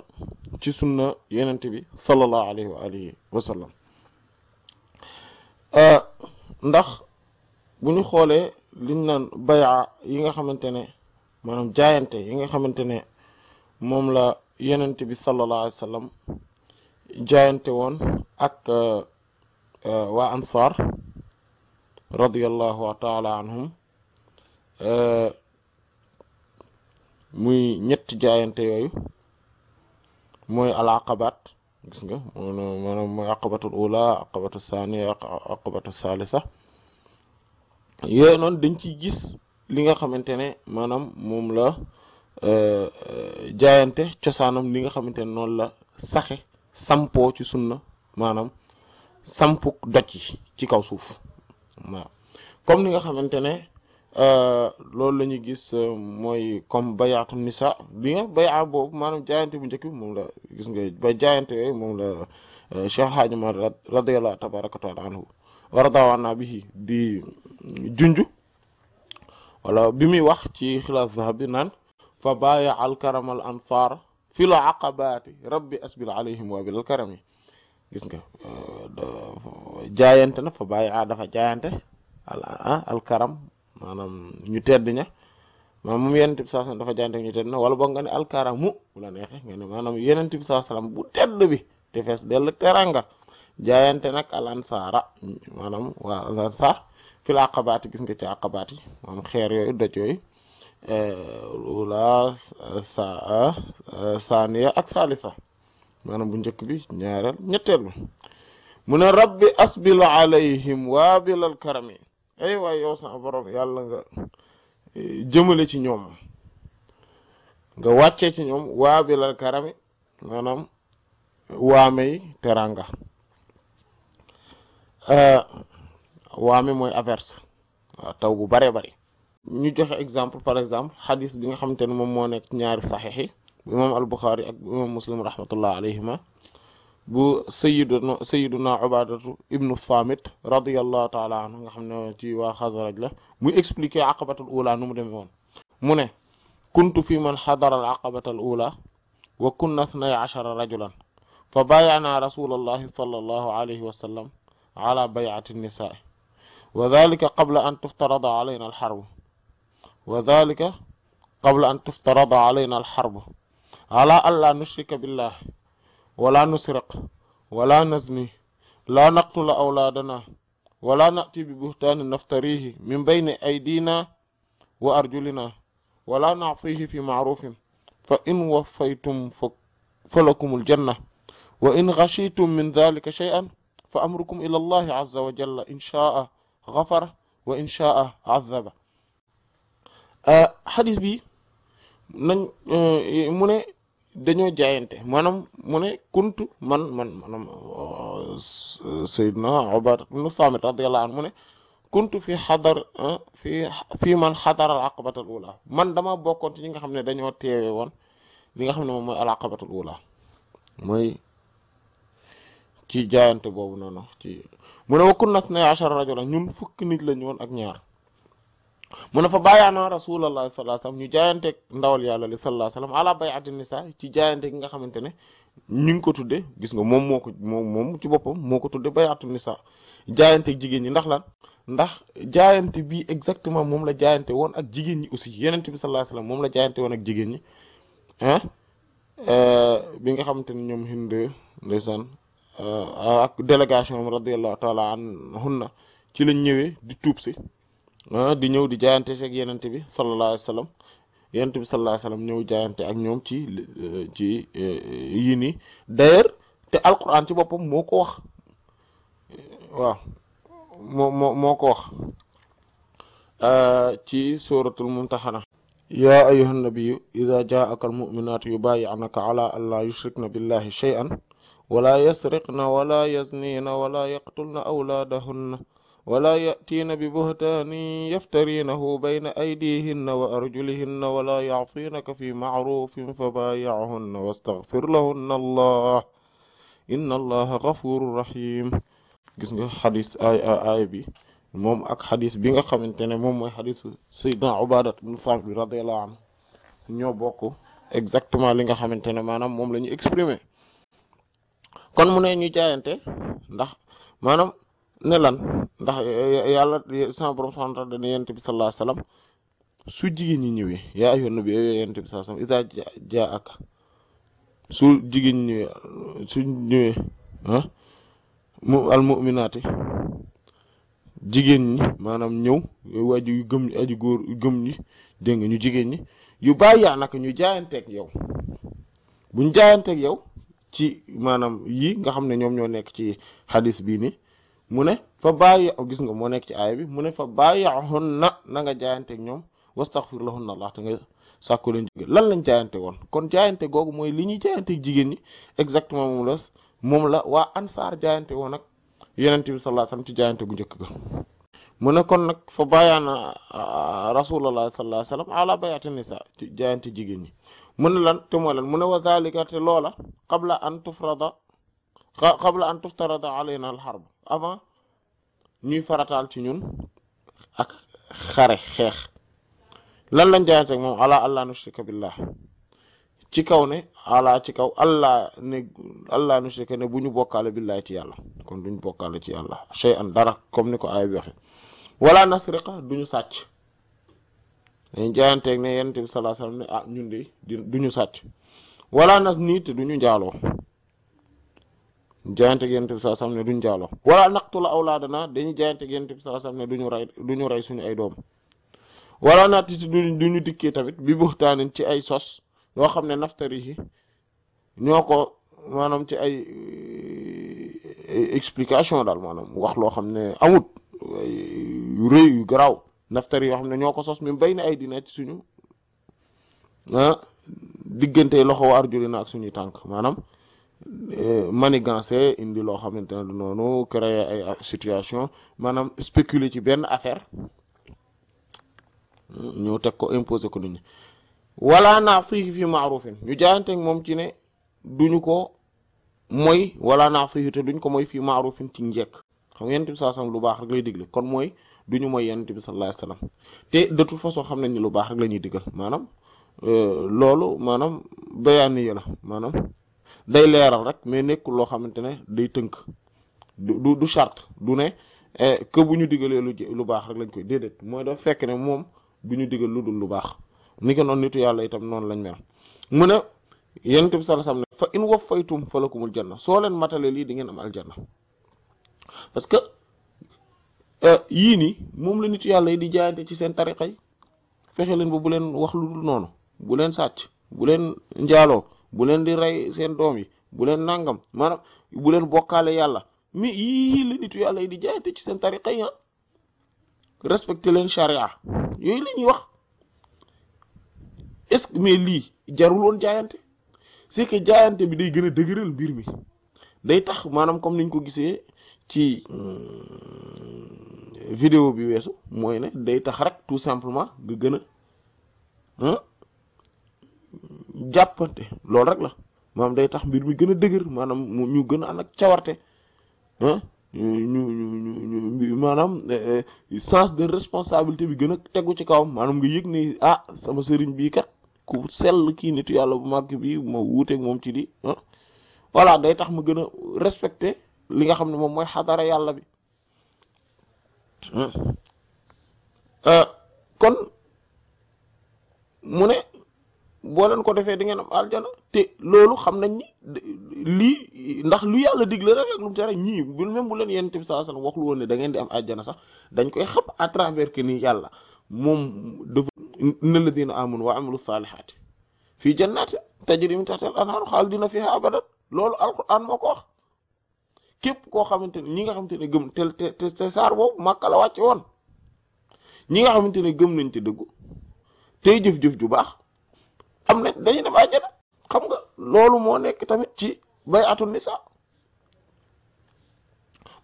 ci sunna yenent bi sallallahu alayhi wa alihi wa sallam euh, ndax bu ñu xoolee liñ naan bayaa yi nga xamante ne maanaam jaayante yi nga xamante ne moom la yenent bi sallallahu alayhi wa jaayante woon ak euh, waa ansar radiyallahu taala anhum euh, muy ñetti jaayante yooyu mooy al aqabat gis nga maanaam mooy aqabatul ula aqabatu thaniya aqabatu sax yooyu noonu dañ ci gis li nga xamante ne maanaam moom la euh, jaayante cosaanam li nga xamante ne noonu la saxe sampoo ci sunna maanaam sampu doj ci kaw suuf waaw comme nga xamante ne Euh, loolu la ñuy gis euh, mooy comme bayaatu nisa bi nga bayaa boobu maanaam jaayante bu njëkk bi moom la gis nga ba jaayante yooyu moom la euh, Cheikh Hadji Mar radiyallahu tabaraka wa taala anhu waradawana bihi di mm, junj wala bi muy wax ci xilaas zahab bi naan fa baya alkaram al ansar fi la aqabaati rabbi asbil alayhim wa bil gis nga jaayante na fa baya dafa jaayante al ah, alkaram maanaam ñu tedd ña maanaam moom yenent bi sallallahu alayhi wasallam dafa jaante ñu wala boog nga ne alkaramu bu la bi sallallahu alayhi wasallam bu tedd bi te fees dell teranga jaayante nag al ansaara maanaam waa al ansaar fil aqabaati gis nga ci aqabaati maanaam xeer yooyu doj yooyu eh, saaniya ak saalisa maanaam bu njëkk bi ñaareel ñetteel mu ne rabbi asbil alayhim waabilal karami ay waay yow sa borom yàlla nga eh, jëmale ci ñoom nga wàccee ci ñoom waa bilal karami maanaam waamey teranga eh, waame mooy averse waaw taw bu bare bari ñu joxe exemple par exemple xadis bi nga xamante ne moom moo nekk ñaari saxiix yi bu imam al buxaari ak bu imam muslim rahmatullah alayhima bu sayiduna sayiduna ubadatu ibnu samit radiallahu taala anhu nga xam ne ci waa xasaraj la muy expliquer aqabatal ula nu mu demee woon mu ne kuntu fi man xadara al aqabatal ula wa kunna thnay achara rajulan fa bayaana rasulallahi sallallahu alayhi wa sallam ala bayati nisaa wa dalika qabla an tuftarada alayna al xarbu wa dalika qabla an tuftarada alayna al xarbu ala an la nushrika billah wala nusraq wala nazni laa naqtula awlaadana wala na'ti bi buhtaani naftarihi min bayni aydina wa arjulina wala na'tihi fi ma'rufin fa in waffaytum fa falakumul janna wa in xashitum min dalika shay'an fa amrukum ila allahi azza wa jalla in sha'a ghafara wa in sha'a azaba xadis euh, bi nañ euh, mu ne dañoo jaayante maanaam mu ne kuntu man man maanaam euh, sayyidna Ubaada ibn Saamit radiyallahu anhu mu ne kuntu fi xadar fi man xadara al aqabatal ula man dama bokkoon ci ñi nga xam ne dañoo teewe woon li nga xam ne moom mooy al aqabatal ula mooy ci jaayante boobu noonu ci mu na wa kunna isnay ashara rajulan ñun fukki nit lañu woon ak ñaar mu ne fa bàyyaanaa rasulullah sallallahu alayhi wasallam ñu jaayanteeg ndawal yàlla li sallallahu alayhi wasallam ala bay'ati nisa ci jaayante gi nga xamante ne ñu ngi ko tudde gis nga moom moo ko moom moom ci boppam moo ko tudde bay'atu nisa jaayanteeg jigéen ñi ndax lan ndax jaayante bi exactement moom la jaayante woon ak jigéen ñi aussi yenent bi sallallahu alayhi moom la jaayante woon ak jigéen ñi ah bi nga xamante ne ñoom Hind ndeysaan euh, ak délégation am radiyallahu taala anhunna ci lañ ñëwee di tuub si Ah, di ñëw di jaayante ak yenente bi sallallahu alayhi wa sallam bi sallallahu alayhi wa sallam ñëw jaayante ak ñoom ci euh, ci euh, yii nii te alquran ci boppam moo ko wax waaw moo ko wax euh, ci suratul mumtahana ya ayyuhan nabiyyu idha ja'aka almu'minatu yubayyi'naka ala an la yushrikna billahi shay'an wala yasriqna wala yaznina wala yaqtulna awladahunna bi ولا يأتين ببهتان يفترينه بين أيديهن وأرجلهن ولا يعصينك في معروف فبايعهن واستغفر لهن الله إن الله غفور رحيم gis nga xadis ay bi moom ak xadis bi nga xamante ne moom mooy xadis Seydina Ubadat ibn Samit bi radiyallahu anhu ñoo bokk exactement li nga xamante ne maanaam moom la ñu exprimer kon mu ne ñu jaayante ndax ne lan ndax yàlla sama borom subhanahu bi sallallahu alayhi wasallam su jigéen ñi ñëwee yaa ayyuhan nabi yow yonent bi sallallahu alayhi wasallam iza jaa'aka su jigéen ñi ñëwee su ñëwee mu al jigéen ñi maanaam ñëw aju yu gëm aju góor gëm ñi dégg nga ñu jigéen ñi yu bàyyi yaa naka ñu jaayanteeg yow buñ jaayanteeg yow ci maanaam yii nga xam ne ñoom ñoo nekk ci xadis bii nii mu ne fa bàyyi oh, gis nga moo nekk ci aaya bi mu ne fa bàyyahunna na nanga jaayante ñoom wastaghfir lahunna allah te nga sàkku leen jigéen lan lañ jaayante woon kon jaayante googu mooy li ñuy jaayante jigéen ñi exactement moom la wa la waa ansaar jaayante woon ak yonent bi sallallahu alayhi wasallam ci jaayante gu njëkk ga mu ne kon nag fa bàyyaana ah, rasulullah sallallahu alayhi wasallam ala bayati nisa ci jaayante jigéen ñi mu ne lan te mooy lan mu ne wa zalika te loola qabla an tufrada qabla an tuftarada alayna al harb avant ñuy farataal ci ñun ak xare xeex lan lañ jaayanteeg moom ala allah nushrika billah ci kaw ne ala ci kaw allah ne allah nushrika ne bu ñu bokkaale billahi ci yàlla kon duñu bokkaale ci yàlla shay'an dara comme ni ko aaya bi waxe wala nasriqa duñu sàcc dañ jaayanteeg ne yonent bi sallallahu ne ah ñun de duñu sàcc wala nas nii te duñu njaaloo jaayante ak bi sallallahu alayhi wasallam ne duñ jaaloo wala naqtula awlaadana dañuy jaayante ak yonent bi sallallahu alayhi wasallam ne duñu ñu ray suñu ay doom wala naatiti duñ duñu dikkee tamit bi buxtaanin ci ay sos yoo xam ne naftari yi ñoo ko maanaam ci ay explication daal maanaam wax loo xam ne amut yu garaaw naftari yoo xam ne ñoo ko sos mi bay na ay dina suñu ah, diggante loxo wa na ak suñuy tànk maanaam Euh, manigancé indi loo xamante ne du noonu créer ay situation maanaam spéculer ci benn affaire ñu teg ko imposé ko nit ñi wala naa fii fi maarufin ñu jaayanteeg moom ci ne duñu ko mooy wala naa fii te duñ ko mooy fii maarufin ci njekk xam nga yonent bi sallallahu alayhi lu baax rek lay digle kon mooy ñu moy yonent bi sallallahu alayhi wasallam te de toute façon xam ne ñu lu baax rek la ñuy digal maanaam euh, loolu maanaam bayaani la maanaam day leeral rek mais nekkul loo xamante ne day tënk du du charte du ne eh, que bu ñu digalee lu lu baax rek lañ koy déedéet mooy daf fekk ne moom du ñu digal lu dul lu baax ni ko noonu nitu yàlla itam noonu lañ mel mu ne yonent bi sallallahu alayhi wasallam ne fa in waffaytum falakumul janna soo leen matale lii di ngeen am parce que eh, yii nii moom la nitu yàlla yi di jaayante ci seen tariqa fexe leen ba bu leen wax lu dul noonu bu leen sàcc bu leen njaaloo bu leen di rey seen doom yi bu leen nangam maanaam bu leen bokkaale yàlla mais yii la yàlla yi di jaayte ci seen tari tariqa yi respecté leen charia yooyu la ñuy wax est-ce que lii jarul woon jaayante c'est que jaayante bi day gën a dëgëral mbir mi day tax maanaam comme niñ ko gisee ci hmm, vidéo bi weesu mooy ne day tax rek tout simplement nga gën a hmm, jàppante loolu rek la maanaam day tax mbir mi gën a dëgër maanaam mu ñu gën a ànd cawarte ah ñu ñu ñu maanaam eh, eh, sens de responsabilité bi gën a tegu ci kaw maanaam nga yëg ne ah sama sëriñ bii kat ku sell kii nit yàlla bu màgg bi ma wuuteeg moom ci di day tax mu gën a respecter li nga xam ne moom mooy xadara yàlla bi euh, kon mu ne. boo leen ko defee di ngeen am aljana te loolu xam nañ ni lii ndax lu yàlla digle rek ak lu mu tere ñii bu bu leen yonent bi sallallahu alayhi wasallam waxlu woon ne da ngeen di am aljana sax dañ koy xam à travers que ni yàlla moom dafa inna alladina amanu wa amilu salihaati fii jannati tajri min tahtiha al-anhaaru xaalidina fiha abadan loolu alquran moo ko wax képp koo xamante ne ñi nga xamante ne gëm te te te saar boobu la wàcce woon ñi nga xamante ne gëm nañ te dëggu tey jëf-jëf ju baax am nañ dañuy dem àjjana xam nga loolu moo nekk tamit ci bay atul nisa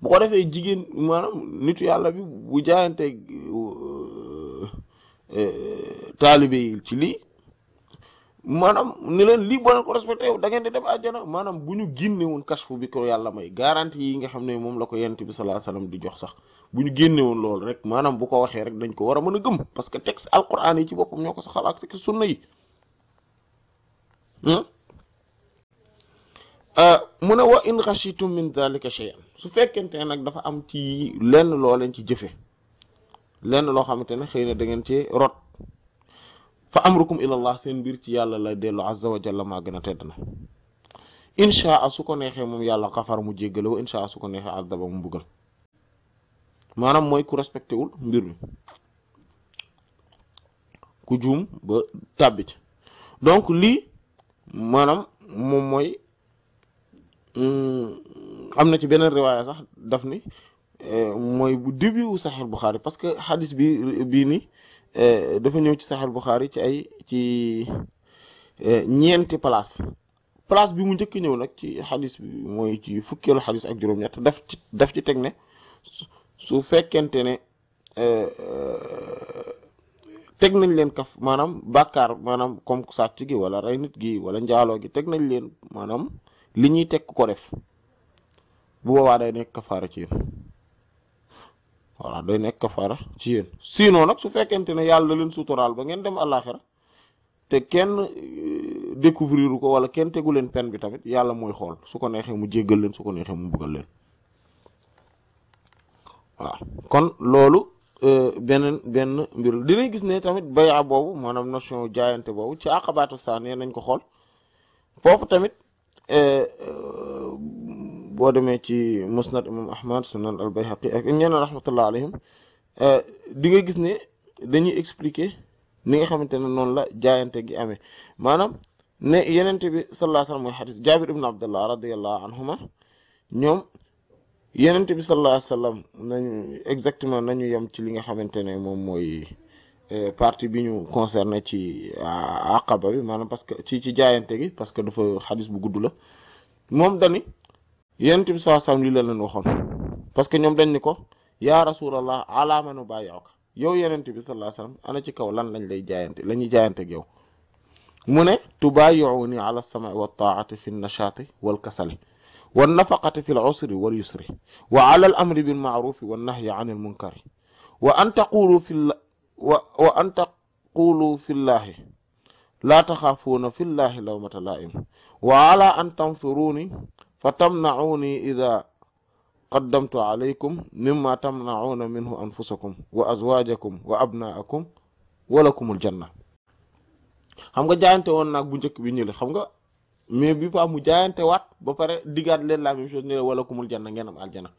bu ko defee jigéen maanaam nitu yàlla bi bu jaayante euh, euh, taalibe yi ci lii maanaam ni leen lii boo leen ko respecté yow da ngeen di dem àjjana maanaam bu ñu génne woon kashfu bi ko yàlla may garantie yi nga xam ne moom la ko yent bi sallallahu alayhi wasallam di jox sax bu ñu génne woon loolu rek maanaam bu ko waxee rek dañ ko war a mën a gëm parce que texte alquran yi ci boppam ñoo ko saxal ak sunna yi Hmm? Euh, mu ne wa in xashitum min zalika shay'an su fekkente ne nag dafa am ci lenn loo leen ci jëfe lenn loo xamante ne xëy na dangeen ngeen ci rot fa amrukum ilallah seen mbir ci yàlla la dellu azza wa jalla maa gën a tedd na su ko neexee moom yàlla xafar mu jéggale wa inchaa su ko neexee azaba mu buggal maanaam mooy ku respecté wul mbir mi ku juum ba tàbbi ci donc lii maanaam moom mooy mm, am na ci beneen riwaaya sax daf ni eh, mooy bu début wu Sahih Bukhari parce que hadis bi bii nii eh, dafa ñëw ci Sahih Bukhari ci ay ci eh, ñeenti place place bi mu njëkk ñëw nag ci xadis bi mooy ci fukkeelu xadis ak juróom-ñett daf ci daf ci teg ne su fekkente ne teg nañ leen kaf maanaam bàkkaar maanaam comme sàcc gi wala rey nit gi wala njaaloo gi teg nañ leen maanaam li ñuy teg ko def bu boobaa day nekk kafaara ci yéen voilà day nekk kafaara ci yéen siinoo nag su fekkente ne yàlla leen suturaal ba ngeen dem àllaaxira te kenn euh, découvrir ko wala kenn tegu leen pen bi tamit yàlla mooy xool su ko neexee mu jéggal leen su ko neexee mu bëggal leen waaw kon loolu Euh, beneen benn mbir dinañ gis ne tamit baya boobu maanaam notion jaayante boobu ci aqabaatu saaniya nañ ko xool foofu tamit euh, euh, boo demee ci musnad imam ahmad sunan al bayhaqi ak ñeneen rahmatullah alayhim di nga gis ne dañuy expliquer ni nga xamante ne noonu la jaayante gi amee maanaam ne yenente bi sallallahu alayhi mooy xadis jabir ibn abdullah radiyallahu anhuma ñoom yeneen bi sallallahu alayhi wasallam nañu exactement nañu yem ci li nga xamante ne moom mooy euh, partie bi ñu concerné ci aqaba bi maanaam parce que ci ci jaayante gi parce que dafa xadis bu gudd la moom dani yenent bi sallallahu alayhi wasallam waxoon parce que ñoom dañ ni ko yaa rasulallah ala man ubayyi'uka yow yenent bi sallallahu alayhi wasallam ana ci kaw lan lañ lay jaayante la ñuy jaayante yow mu ne tubayyi'uni ala as-sam'i wat-ta'ati fi an wal kasali wan nafaqati fil usri wal yusri wa ala al amri bil ma'rufi wan nahyi anil munkari wa an taqulu fil wa wa an taqulu fillahi la taxaafuuna fillahi lawmata laa'im wa ala an tansuruuni fa tamna'uuni idha qaddamtu alaykum mimma tamna'uuna minhu anfusakum wa azwaajakum wa abna'akum wa lakumul janna xam nga jaayante woon naag bu njëkk bi ñu le xam nga mais bi fois mu jaayante waat ba pare diggaat leen la même chose ne wala kumul janna ngeen am aljana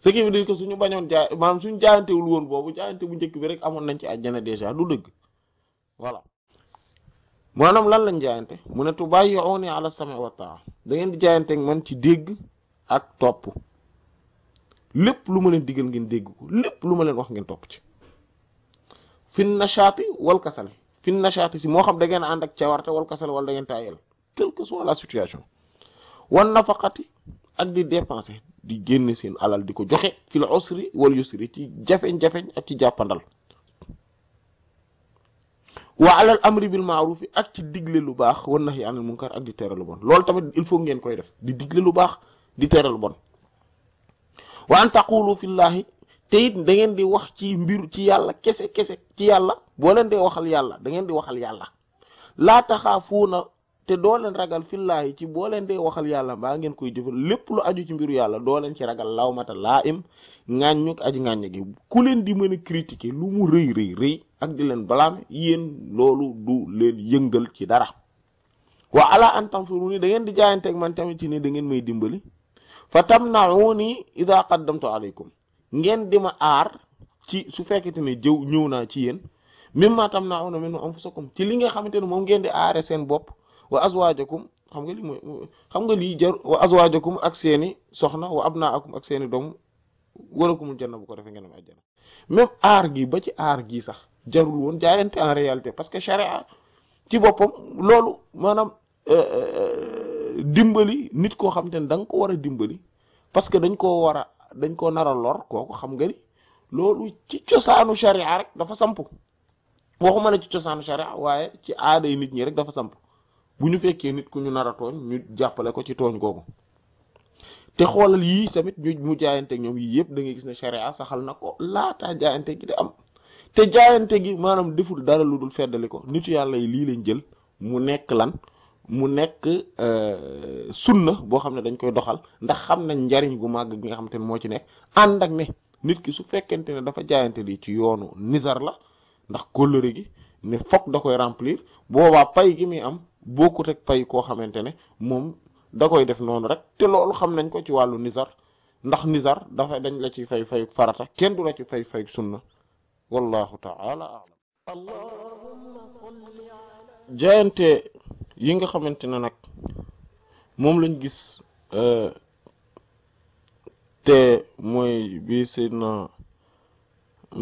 ce qui veut dire que suñu bañoon jaay maanaam suñu jaayantewul woon boobu jaayante bu njëkk bi rek amoon nañ ci aljana déjà du dëgg voilà maanaam lan lañ jaayante mu ne tubayyi'uni ala sam'i wa ta'a da ngeen di jaayante ak man ci dégg ak topp lépp lu ma leen digal ngeen dégg ko lépp lu ma leen wax ngeen topp ci fin nashaati wal kasal fin nashaati si moo xam da ngeen ànd ak cawarte wal kasal wala da ngeen tayel quelle que soit la situation wan nafaqati ak di dépenser di génn seen alal di ko joxe fil usri wal yusri ci jafeñ-jafeñ ak ci jàppandal waa alal amri bil ma'ruf ak ci digle lu baax wan nahyi anil munkar ak di tere bon loolu tamit il faut ngeen koy def di digle lu baax di tere lu bon wa an taqulu fillahi te it di wax ci mbir ci yàlla kese kese ci yàlla boo leen dee waxal yàlla da ngeen di waxal yàlla laa taxaafuuna te doo leen ragal fillaahi ci boo leen dee waxal yàlla baa ngeen koy jëfal lépp lu aju ci mbiru yàlla doo leen ci ragal lawmata laa im ŋàññuk aji ŋàññ gi ku leen di mën a critiquer lu mu rëy rëy rëy ak di leen balaam yéen loolu du leen yëngal ci dara wa ala an tansuru ni da ngeen di jaayanteeg man tamit ci ne da ngeen may dimbali fa tamna'uni idha to alaykum ngeen di ma aar ci su fekkete ne jëw ñëw naa ci yéen mimma tamna'una minhu anfusakum ci li nga xamante ne moom ngeen di aare seen bopp wa azwaajakum xam nga li mooy xam nga lii jar wa azwaajakum ak seeni soxna wa abnaakum ak seeni doom walakumul janna bu ko defee ngeen am àjjana même aar gi ba ci aar gi sax jarul woon jaayante en réalité parce que charia ci boppam loolu maanaam euh, euh, dimbali nit koo xam te ne da nga ko war a dimbali parce que dañ koo war a dañ koo nar a lor kooku xam nga ni loolu ci cosaanu charia rek dafa samp waxuma na ci cosaanu charia waaye ci aada aaday nit ñi rek dafa samp bu ñu fekkee nit ku ñu nar tooñ ñu jàppale ko ci tooñ googu te xoolal yii tamit ñu mu jaayanteeg ñoom yii yëpp da ngay gis ne sharia saxal na ko laataa jaayante gi di am te jaayante gi maanaam deful dara lu dul feddali ko nitu yàlla lii lañ jël mu nekk lan mu nekk euh, sunna boo xam ne dañ koy doxal ndax xam nañ njariñ gu màgg gi nga xam te ne moo ci nekk ànd ak ne nit ki su fekkente ne dafa jaayante lii ci yoonu nisar la ndax kóllëre gi ne fokk da koy remplir boobaa pay gi muy am bokkut ak pay koo xamante ne moom da koy def noonu rek te lool xam nañ ko ci wàllu nizar ndax nizar dafa dañ la ci fay fay farata kenn du la ci fay fay sunna wallahu ta'ala a'lam allahumma salli yi nga xamante ne nag moom lañ gis euh, te mooy bi Seydina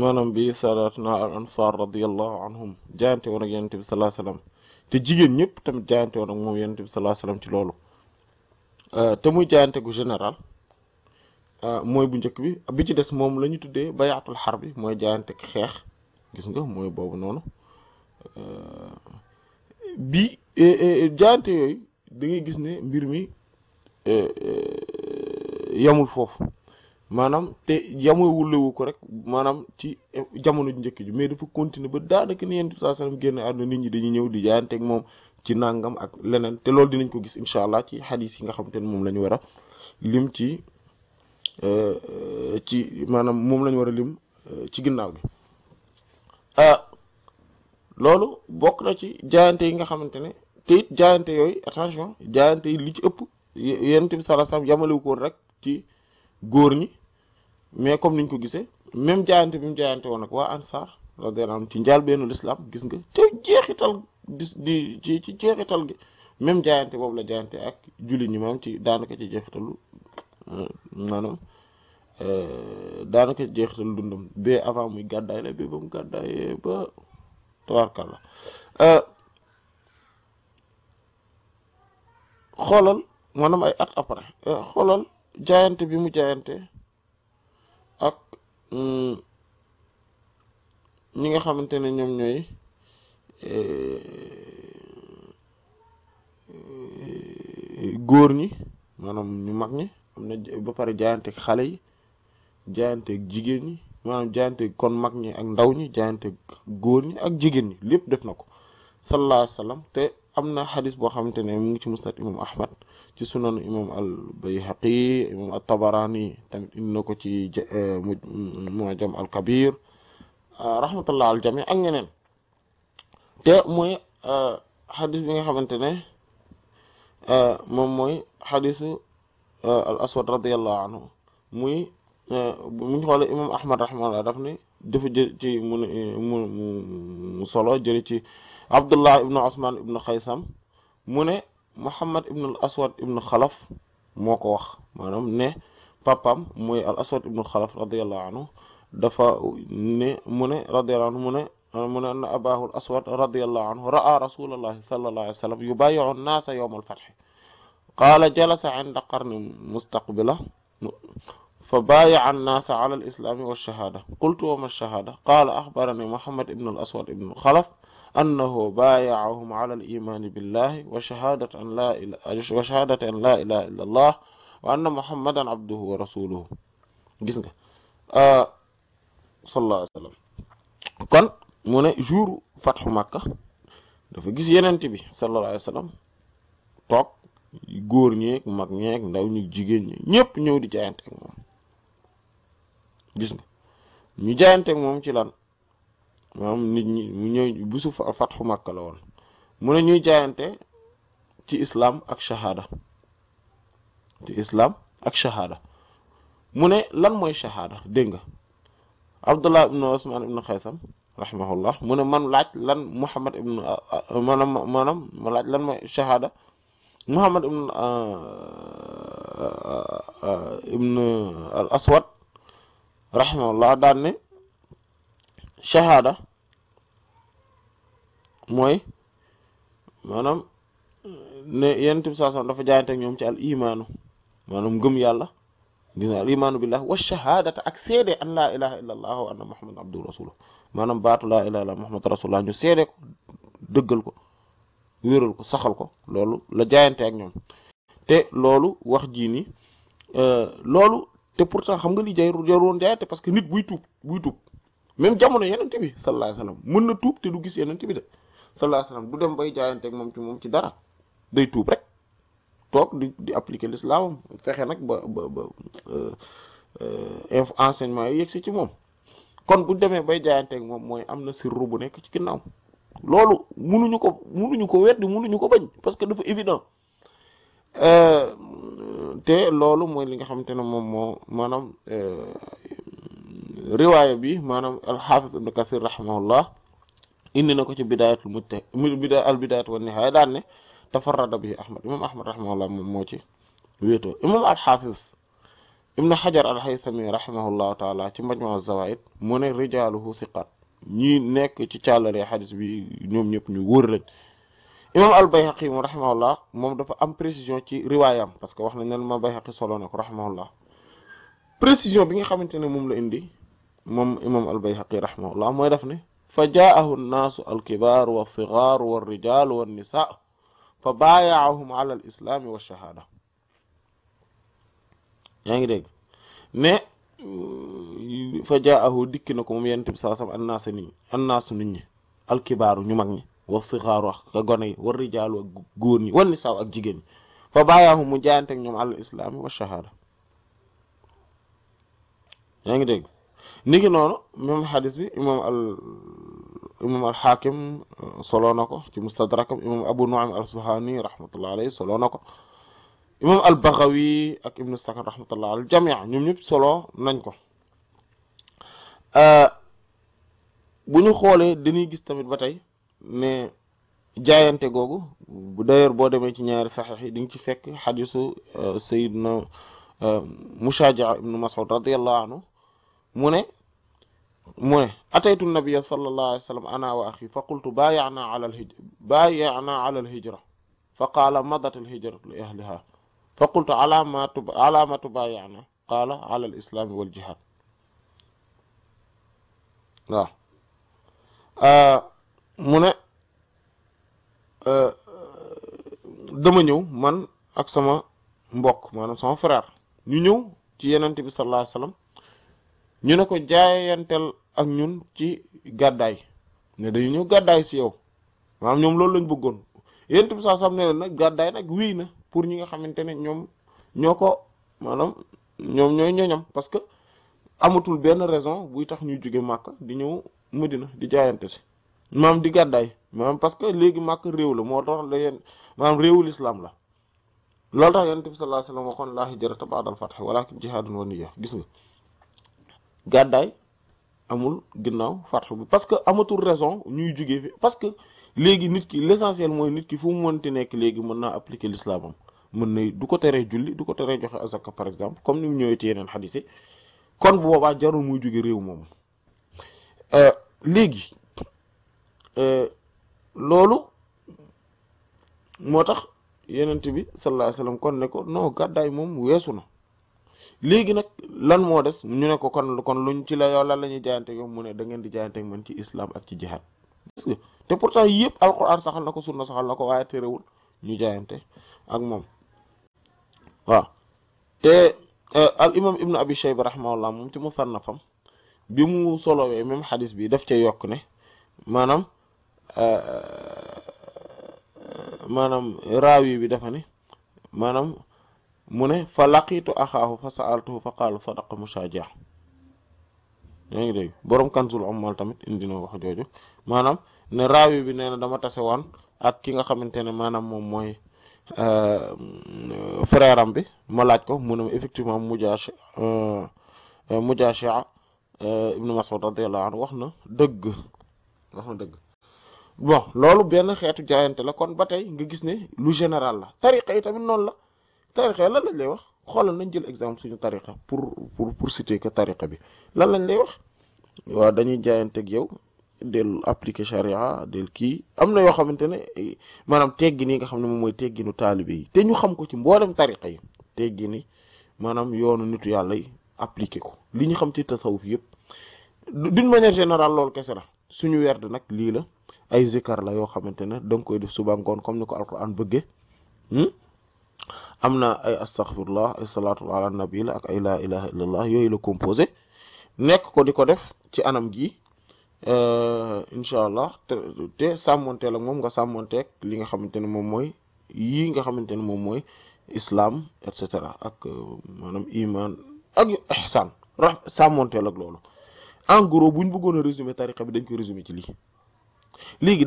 maanaam bi saadatina al ansar radiallahu anhum jaayante woon ak yonent bi sallallahu alayhi wasallam te jigéen ñëpp tamit jaayante woon moom yonent bi sallallahu alayhi ci loolu euh, te muy jaayante général euh, mooy bu njëkk bi bi ci des moom la tuddee bayaatul xar bi mooy jaayante xeex gis nga mooy boobu noonu euh, bi jaayante yooyu da ngay gis ne mbir mi yamul foofu maanaam te yamewulewu ko rek maanaam ci jamono ju njëkk ji mais dafa continuer ba daanaka ni yonent bi sallallahu alayhi wasallam génn nit ñi dañuy ñëw di jaayanteeg moom ci nangam ak leneen te loolu dinañ ko gis incha allah ci xadis yi nga xam te ne moom la a lim ci euh, ci maanaam moom la war a lim euh, ci ginnaaw gi ah loolu bokk na ci jaayante yi nga xamante ne te it jaayante yooyu attention jaayante yi li ci ëpp yonent bi yamalewu ko rek ci góor ñi. mais comme niñ ko gisee même jaayante bi mu jaayante woon ak waa Ansaar radiyallahu anhum ci njëlbéenu gis nga te jeexital di ci ci jeexital gi même jaayante boobu la jaayante ak jullit ñi maanaam ci daanaka ci jeexitalu euh, maanaam euh, daanaka dundam bee avant muy gàddaay la bee ba mu gàddaayee ba tabarkalla euh, xoolal maanaam ay at après xoolal jaayante bi mu jaayante. ak mm, ñi nga xamante ne ñoom ñooy eh, eh, góor ñi maanaam ñu mag ñi am na ba pare jaayanteeg xale yi jaayanteeg jigéen ñi maanaam jaayanteeg kon mag ñi ak ndaw ñi jaayanteeg góor ñi ak jigéen ñi lépp def na ko sallallahu alayhi te am na xadis boo xamante ne mu ngi ci musnad imam ahmad ci sunan imam al bayhaqi imam al tabarani tamit indi na ko ci eh, mu'jam al kabir ah, rahmatullah al jami ak ñeneen te mooy ah, xadis bi nga xamante ne ah, moom mooy xadisu al aswad radiallahu anhu muy muñ euh, xoolee imam ahmad rahimahullah daf ni dafa jël ci mu mu mu solo jële ci abdullah ibnu osman ibnu xaysam mu ne muhammad ibnu al aswad ibnu xalaf moo ko wax maanaam ne papam mooy al aswad ibnu xalaf radiallahu anhu dafa ne mu ne radiallahu anhu mu ne mu ne anna abahu al aswad radiallahu anhu ra'a rasulallahi sallallahu alayhi wa sallam yubayi'u an-naasa yawma al-fath qaala jalasa inda qarnin mustaqbila fa baaya'a an-naasa ala al-islaami wash-shahaada qultu wa ma ash-shahaada qaala axbaranii Muhammad ibn al-Aswad ibn al-Khalaf annahu baaya'ahum ala al-iimaani billahi wa shahaadati an laa ilaaha wa shahaadati an laa ilaaha illa Allah wa anna Muhammadan abduhu wa rasuluhu gis nga sallallahu alayhi wa sallam kon mu ne jour fatxu Makka dafa gis yenent bi sallallahu alayhi wa sallam toog góor ñeeg mag ñeeg ndaw ñu jigéen ñi ñëpp ñëw di jaayante ak moom gis nga ñu jaayanteeg moom ci lan maanaam nit ñi mu ñëw ñuy jaayante ci islam ak shahada ci islam ak shahada mu ne lan mooy shahada dégg nga Abdullah ibn Usman ibn Xaysam rahimahullah mu ne man laaj lan Muhammad ibn ah, ah, maanaam maanaam ma laaj lan mooy shahada Muhammad ibn ah, Aswad rahimahullah daan ne shahaada mooy maanaam ne yonent bi dafa jaayante ak ñoom ci al imaanu maanaam gëm yàlla dina al imaanu billah wa shahaadata ak seede an laa ilaha illa allah wa anna muhammadan abduhu rasuluh maanaam baatu laa ilaha illa muhammad rasulullah ñu seede ko dëggal ko wéeral ko saxal ko loolu la jaayante ak ñoom te loolu wax jii euh, loolu te pourtant xam nga ni jaru jaroon jaayante parce que nit buy tuub buy tuub même jamono yenente bi sallallahu alayhi wasallam mën na tuub te du gis yenente bi de sallallahu alayhi wasallam du dem bay jaayante ak moom ci moom ci dara day tuub rek di di appliquer l'islam fexe nag ba ba ba euh, euh, enseignement yi yegsi ci moom kon bu demee bay jaayante moom mooy am na sirru bu nekk ci ginnaaw loolu munuñu ko munuñu ko wet weddi munuñu ko bañ parce que dafa évident euh, te loolu mooy li nga xamante ne moom moo maanaam euh, riwaaya bi maanaam alxaafis ibnu kasir rahimahullah indi na ko ci bidaayatul mujtahid bida al bidaayat wa nihaaya daan ne tafarrada bi ahmad imam ahmad rahimahullah moom moo ci wéetoo imam alxaafis ibnu xajar alxaysami rahimahullahu taala ci majmu zawaid mu ne rijaaluhu siqat ñi nekk ci càllalee xadis bi ñoom ñëpp ñu wóor lañ imam al-Bayhaqi moom rahimahullah moom dafa am précision ci riwaayam parce que wax nañ ne ma Bayhaqi solo na ko rahimahullah précision bi nga xamante ne moom la indi moom imam al-Bayhaqi rahimahullah mooy def ne fa jaahu nnaasu alkibaar wa sigaar wa rijaal wa nisaa fa baayaahum ala al islaami wa shahaada yaa ngi dégg mais fa jaahu dikki na ko moom yonent bi sallallahu alayhi wasallam annaasu ñu mag ñi wa sixaaru ak gone yi war rijaalu ak góor ñi wan nisaaw ak jigéen ñi fa bàyyaahu mu jaayante ak ñoom àll islaami wa shahaada yaa ngi dégg niki noonu même xadis bi imam al imam al xaakim uh, soloo na ko ci mustadrakam imam abu nuaym al suhani rahmatullah alayhi soloo na ko imam al baxawi ak ibnu ñoom ñëpp soloo nañ ko uh, bu ñu xoolee dañuy gis tamit ba tey mais jaayante googu bu d'ailleurs boo demee ci ñaari saxiix yi di nga ci fekk xadisu euh, sayidna euh, mushajaa ibnu mas'ud radiallahu anhu mu ne mu ne ataytu nabia sallallahu alayhi wa sallam ana wa axi fa qultu baayana ala alhijra baayana madat alhijratu li ahliha fa qultu ala ma qaala ala alislaami waljihad mu ne euh, dama ñëw man ak sama mbokk maanaam sama frère ñu ñëw ci yenent bi sallallahu alayhi wasallam ñu ne ko jaayanteel ak ñun ci gàddaay ne dañu ñëw gàddaay si yow maanaam ñoom loolu lañ bëggoon yenent bi saa alayhi wasallam ne nag gàddaay nag wii na pour ñi nga xamante ne ñoom ñoo ko maanaam ñoom ñooy ñoñam parce que amatul benn raison buy tax ñuy jóge Màkka di ñëw Medina di jaayante si maam di gàddaay maam parce que léegi màkk réew la moo tax da yeen maam réewul lislaam la loolu tax yonent bi sallallahu alayhi wasallam waxoon laa hijrata ba'dal fath walakin jihadun wa niyya gis nga gàddaay amul ginnaaw fath bi parce que amatul raison ñuy jugee fi parce que léegi nit ki l'essentiel mooy nit ki fu mu mënti nekk léegi mën naa appliquer l'islamam mën na du ko teree julli du ko teree joxe azaka par exemple comme ni mu ñëwee ci yeneen xadis kon bu boobaa jarul muy jóge réew moomu euh, léegi Euh, loolu moo tax yenent bi sallallahu alayhi wasallam kon ne ko non gàddaay moom weesu na léegi nag lan moo des ñu ne ko kon kon luñ ci la yow lan la ñuy jaayante yow mu ne da ngeen di jaayante ak man ci islaam ak ci jihad te pourtant yëpp alquran saxal na ko sunna saxal na ko waaye terewul ñu jaayante ak moom waaw te euh, al imam ibnu abi shayba rahimahullah moom ci mu musannafam bi mu solowee même xadis bi daf ca yokk ne maanaam Euh, maanaam raawi bi dafa ne maanaam mu ne fa laqiitu axaahu fa sa'altuhu fa qaala sadaqa mushaaja' yaa ngi dégg borom kanzul ummal tamit indi na wax jooju maanaam ne raawi bi nee na dama tase woon ak ki nga xamante ne maanaam moom mooy euh, frère am bi ma laaj ko mu ne effectivement mujaash euh, mujaasha ibnu Mas'ud radiyallahu anhu wax na dëgg wax na dëgg bon loolu benn xeetu jayante la kon ba tey nga gis ne lu général la tariqa yi tamit noonu la tariqa yi lan lañ lay wax xoolal nañ jël exemple suñu tariqa pour pour pour citer que tariqa bi lan lañ lay wax waaw dañuy jaayanteeg yow del appliquer charia del kii am na yoo xamante ne eh, maanaam teggin yi nga xam ne moom mooy tegginu taalibe yi te ñu xam ko ci mboolem tariqa yi teggini maanaam yoonu nitu yàlla yi appliquer ko li ñu xam ci tasawuf yëpp d'une manière générale loolu kese la suñu werd nag lii la ay zikar la yoo xamante ne da nga koy def suba ngoon comme ni ko alquran bëggee hmm? am na ay astaghfirullah ay salatu ala nabi la ak ay la ilaha illallah yooyu la composé nekk ko di ko def ci anam gi euh, incha allah te te sàmmonteel ak moom nga sàmmonteeg li nga xamante ne moom mooy yii nga xamante ne moom mooy islam et cetera ak euh, maanaam iman ak ihsan ra sàmmonteel ak loolu en gros bu ñu bëggoon a résumer tariqa bi dañ ko résumer ci li léegi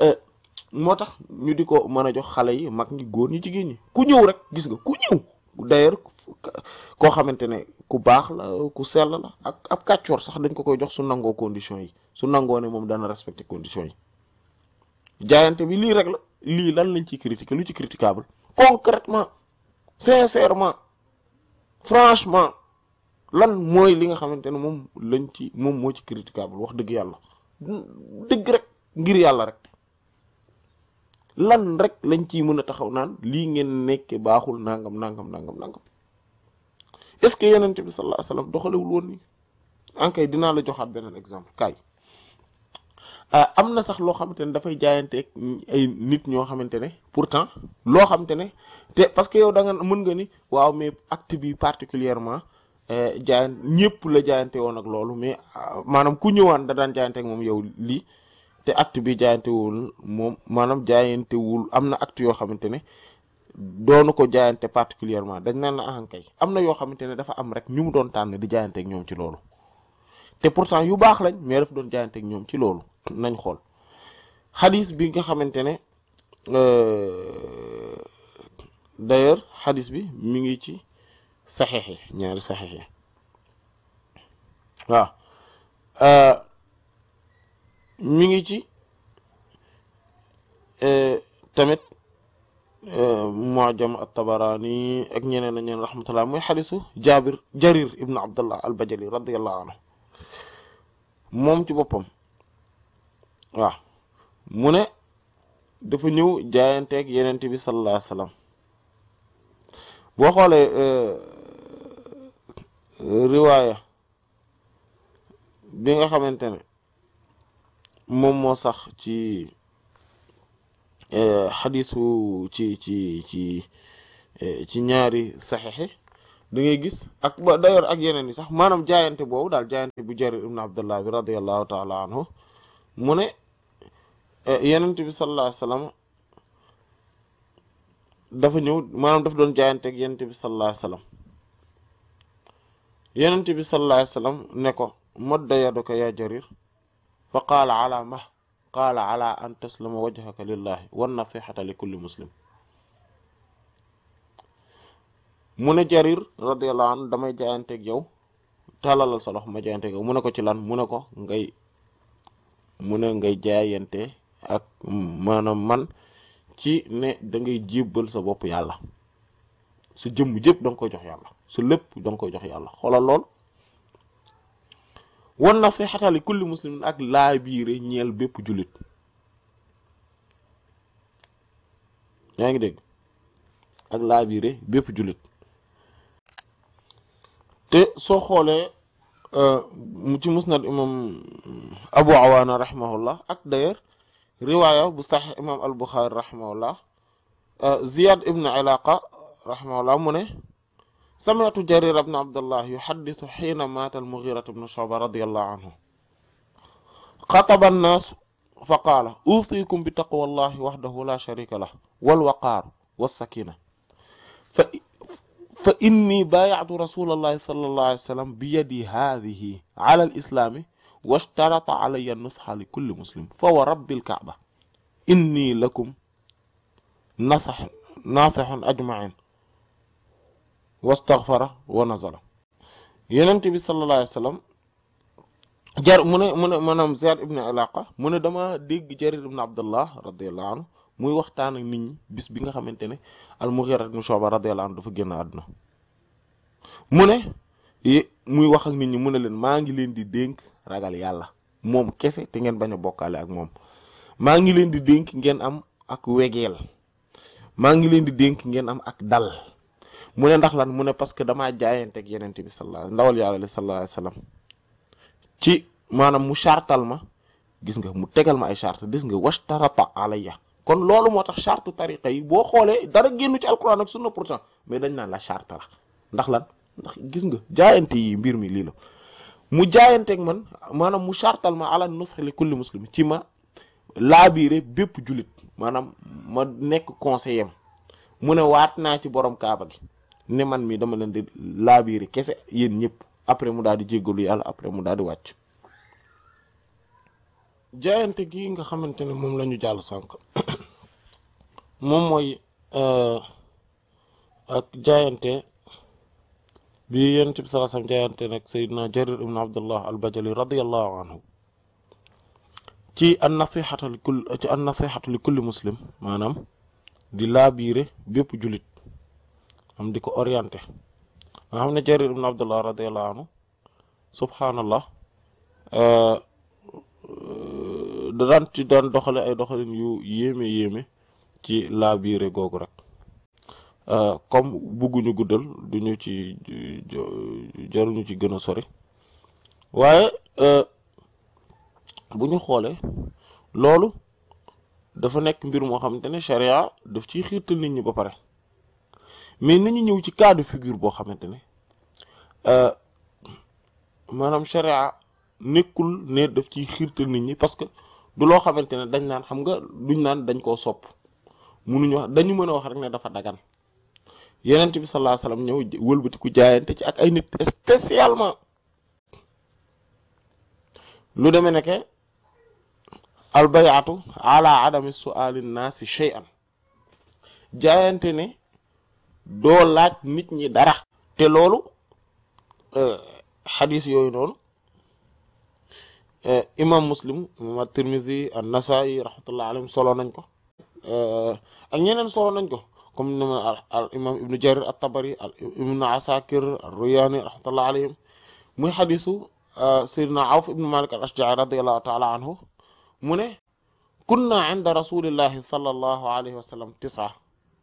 euh, moo tax ñu di ko mën a jox xale yi mag ñi góor ñi jigéen ñi ku ñëw rek gis nga ku ñëw d'ailleurs koo xamante ne ku baax la ku sell la ak ab kàccoor sax dañ ko koy jox su nangoo conditions yi su nangoo ne moom dana respecter conditions yi jaayante bi lii rek la lii lan lañ ci critique lu ci critiquable concrètement sincèrement franchement lan mooy li nga xamante ne moom lañ ci moom moo ci critiquable wax dëgg yàlla dëgg rek ngir yàlla rek lan rek lañ ciy mën a taxaw naan lii ngeen nekke baaxul nangam nangam nangam nangam est-ce que yenente bi sallallahu alayhi wasallam doxalewul woon ni dinaa la joxaat beneen exemple kaay euh, am na sax loo xamante ne dafay jaayanteeg ay nit ñoo xamante ne pourtant loo xamante ne te parce que yow da mën nga ni waaw mais acte bi particulièrement Eh, jaayan ñëpp la jaayante woon ak loolu mais ah, maanaam ku ñëwaan da daan jaayante moom yow lii te acte bi jaayantewul moom maanaam jaayantewul am na act yoo xamante ne doonu ko jaayante particulièrement dañ naan la ahankay am na yoo xamante ne dafa am rek ñu mu doon tànn di jaayante ñoom ci loolu te pourtant yu baax lañ mais dafa doon jaayante ñoom ci loolu nañ xool xadis bi nga xamante ne euh, d'ailleurs xadis bi mi ngi ci saxeex yi ñaari saxeex yi waaw euh, mi ngi ci euh, tamit euh, mu'jam at-Tabarani ak ñeneen ak ñeneen rahmatullah muy xadisu Jaabir Jarir ibn Abdullah al-Bajali radiyallahu anhu moom ci boppam waaw mu ne dafa ñëw jaayanteeg yenente bi sallallahu alayhi wa sallam boo xoolee euh, euh, riwaaya bi nga xamante ne moom moo sax ci euh, xadisu ci ci ci ci ñaari saxexe da gis ak ba d'ailleurs ak yeneen yi sax maanaam jaayante boobu daal jaayante bu jarir ibn abdullah bi radiallahu taala anhu mu ne yenent bi sallallahu alayhi dafa ñëw maanaam daf doon jaayanteeg yenente bi sallallahu alayhi wasallam yenente bi ne ko ya jarir fa qaala ma qaala ala an taslama wajhaka lillahi wan nasihata li kulli muslim mu ne jarir radiyallahu anhu damay jaayanteeg yow tàllalal sa loxo ma jaayanteeg yow mu ne ko ci lan mu ne ko ngay mu ne ngay jaayante ak maanaam man ci ne da jébbal sa bopp yàlla sa jëmm jëpp danga nga koy jox yàlla sa lépp da nga koy yàlla xoolal lool wan nasihata li kulli muslimin ak laa biire ñeel bépp jullit yaa ngi dégg ak laa bépp jullit te soo xoolee euh, mu ci musnad imam abu awaana rahimahullah ak d'ailleurs riwaaya bu saxix imam al Buxaari rahimahullah euh, Ziyad ibn Ilaqa rahimahullah mu ne sami'tu Jarir ibn Abdullah yuhaddithu hiina maata al Mughira ibn Shu'ba radiyallahu anhu xataba an-naas fa qaala uusiikum bi taqwallahi wahdahu la sharika lahu wal waqaar was-sakiina fa fa inni baaya'tu rasulallahi sallallahu alayhi wa sallam bi yadi haadhihi ala al-islaami washtarata alayya nusxa li kulli muslim fa wa rabbil kaaba inni lakum nasax nasaxun ajmain wastaghfara wa nazala yenent wa sallam jar mu ne mu ne maanaam zer mu dama dégg jarir ibn abdullah radiallahu muy waxtaan ak nit ñi bis bi nga xamante ne al-Mughira ibn Shu'ba radiyallahu dafa génn àdduna mu ne muy wax ak nit ñi mu ne leen maa ngi leen di dénk ragal yàlla moom kese te ngeen bañ a bokkaale ak moom maa ngi leen di dénk ngeen am ak wegeel maa ngi leen di dénk ngeen am ak dal mu ne ndax lan mu ne parce que damaa jaayante ak yeneen bi sallallahu ndawal yàlla li sallallahu alayhi wasallam ci maanaam mu chartal ma gis nga mu tegal ma ay charte gis nga washtarata alayya kon loolu moo tax charte tariqa yi boo xoolee dara génnu ci alquran ak sunna pourtant mais dañ naan la charte la ndax lan ndax gis nga jaayante yi mbir mi lii la mu jaayanteeg man maanaam mu chartal ma ala nusxi li kulli muslim ci ma laabiire bépp jullit maanaam ma nekk conseiller mu ne waat naa ci boroom kaaba gi ne man mii dama leen di laabiire kese yéen ñëpp après mu daal di jéggalu yàlla après mu daal di wàcc jaayante gi nga xamante ne moom lañu jàll sànq moom mooy euh, ak jaayante bi yonent bi sallallahu alayhi wasallam jaayante nag sayyidina ibn abdullah al-bajali radiyallahu anhu ci an nasihatu li kull muslim maanaam di laabiire bépp julit am di ko orienté nga xam ne jarir ibn abdullah radiyallahu anhu subhaanallah euh, euh, da daan ci daan ay doxalin yu yéeme yéeme ci laabiire googu rek Euh, comme bugguñu guddal ñu ci jaruñu ci gën a sori waaye euh, bu ñu xoolee loolu dafa nekk mbir moo xamante ne charia daf ciy xiirtal nit ñi ba pare mais nañu ñëw ci cas figure boo xamante ne euh, maanaam charia nekkul ne def ciy xiirtal nit ñi parce que du loo xamante ne dañ naan xam nga duñ naan dañ koo sopp munuñu wax dañu mën a wax rek ne dafa dagan yeneen bi sallallahu alayhi wasallam ñëw wëlbatiku ci ak ay nit spécialement lu deme neke albayatu ala adami su'alin naasi shay'an jaayante ne doo laaj nit ñi dara te loolu euh, xadis yooyu noonu euh, imam muslim imam at-tirmidhi an-nasa'i rahmatullah alayhim solo nañ ko euh, ak ñeneen solo nañ ko comme ni ma al imam ibnu jarir al tabari al ibnu asakir al ruyani rahmatullah alayhim muy xadisu euh, sayyidina awf ibnu malik al ashja'i radiallahu taala anhu mu ne kunna inda rasulillahi sallallahu alayhi wa sallam tisa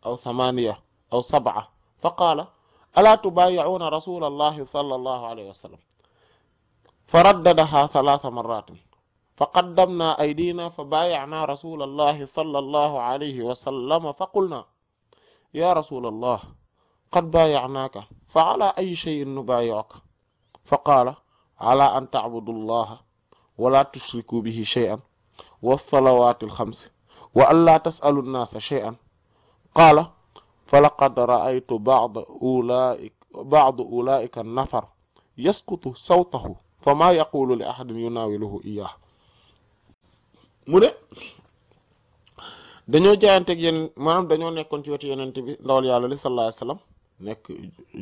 aw samaniya aw sab'a fa qaala alaa tubaayi'uuna rasulallahi sallallahu alayhi wa sallam fa raddadahaa salaasa marraatin fa qaddamnaa aydiinaa fa baaya'naa rasulallahi sallallahu alayhi wa sallam fa qulnaa ya rasul allah qad baayaanaaka fa ala ayi shay'in nubaayi'uka fa qaala ala an ta'budu allaha wala tushriku bihi shay'an والصلوات الخمس وألا تسألوا الناس شيئا قال فلقد رأيت بعض أولئك بعض أولئك النفر يسقط صوته فما يقول لأحد يناوله إياه mu ne dañoo jaayanteeg yen maanaam dañoo nekkoon ci wetu yonent bi ndawal yàlla li sallallahu alayhi nekk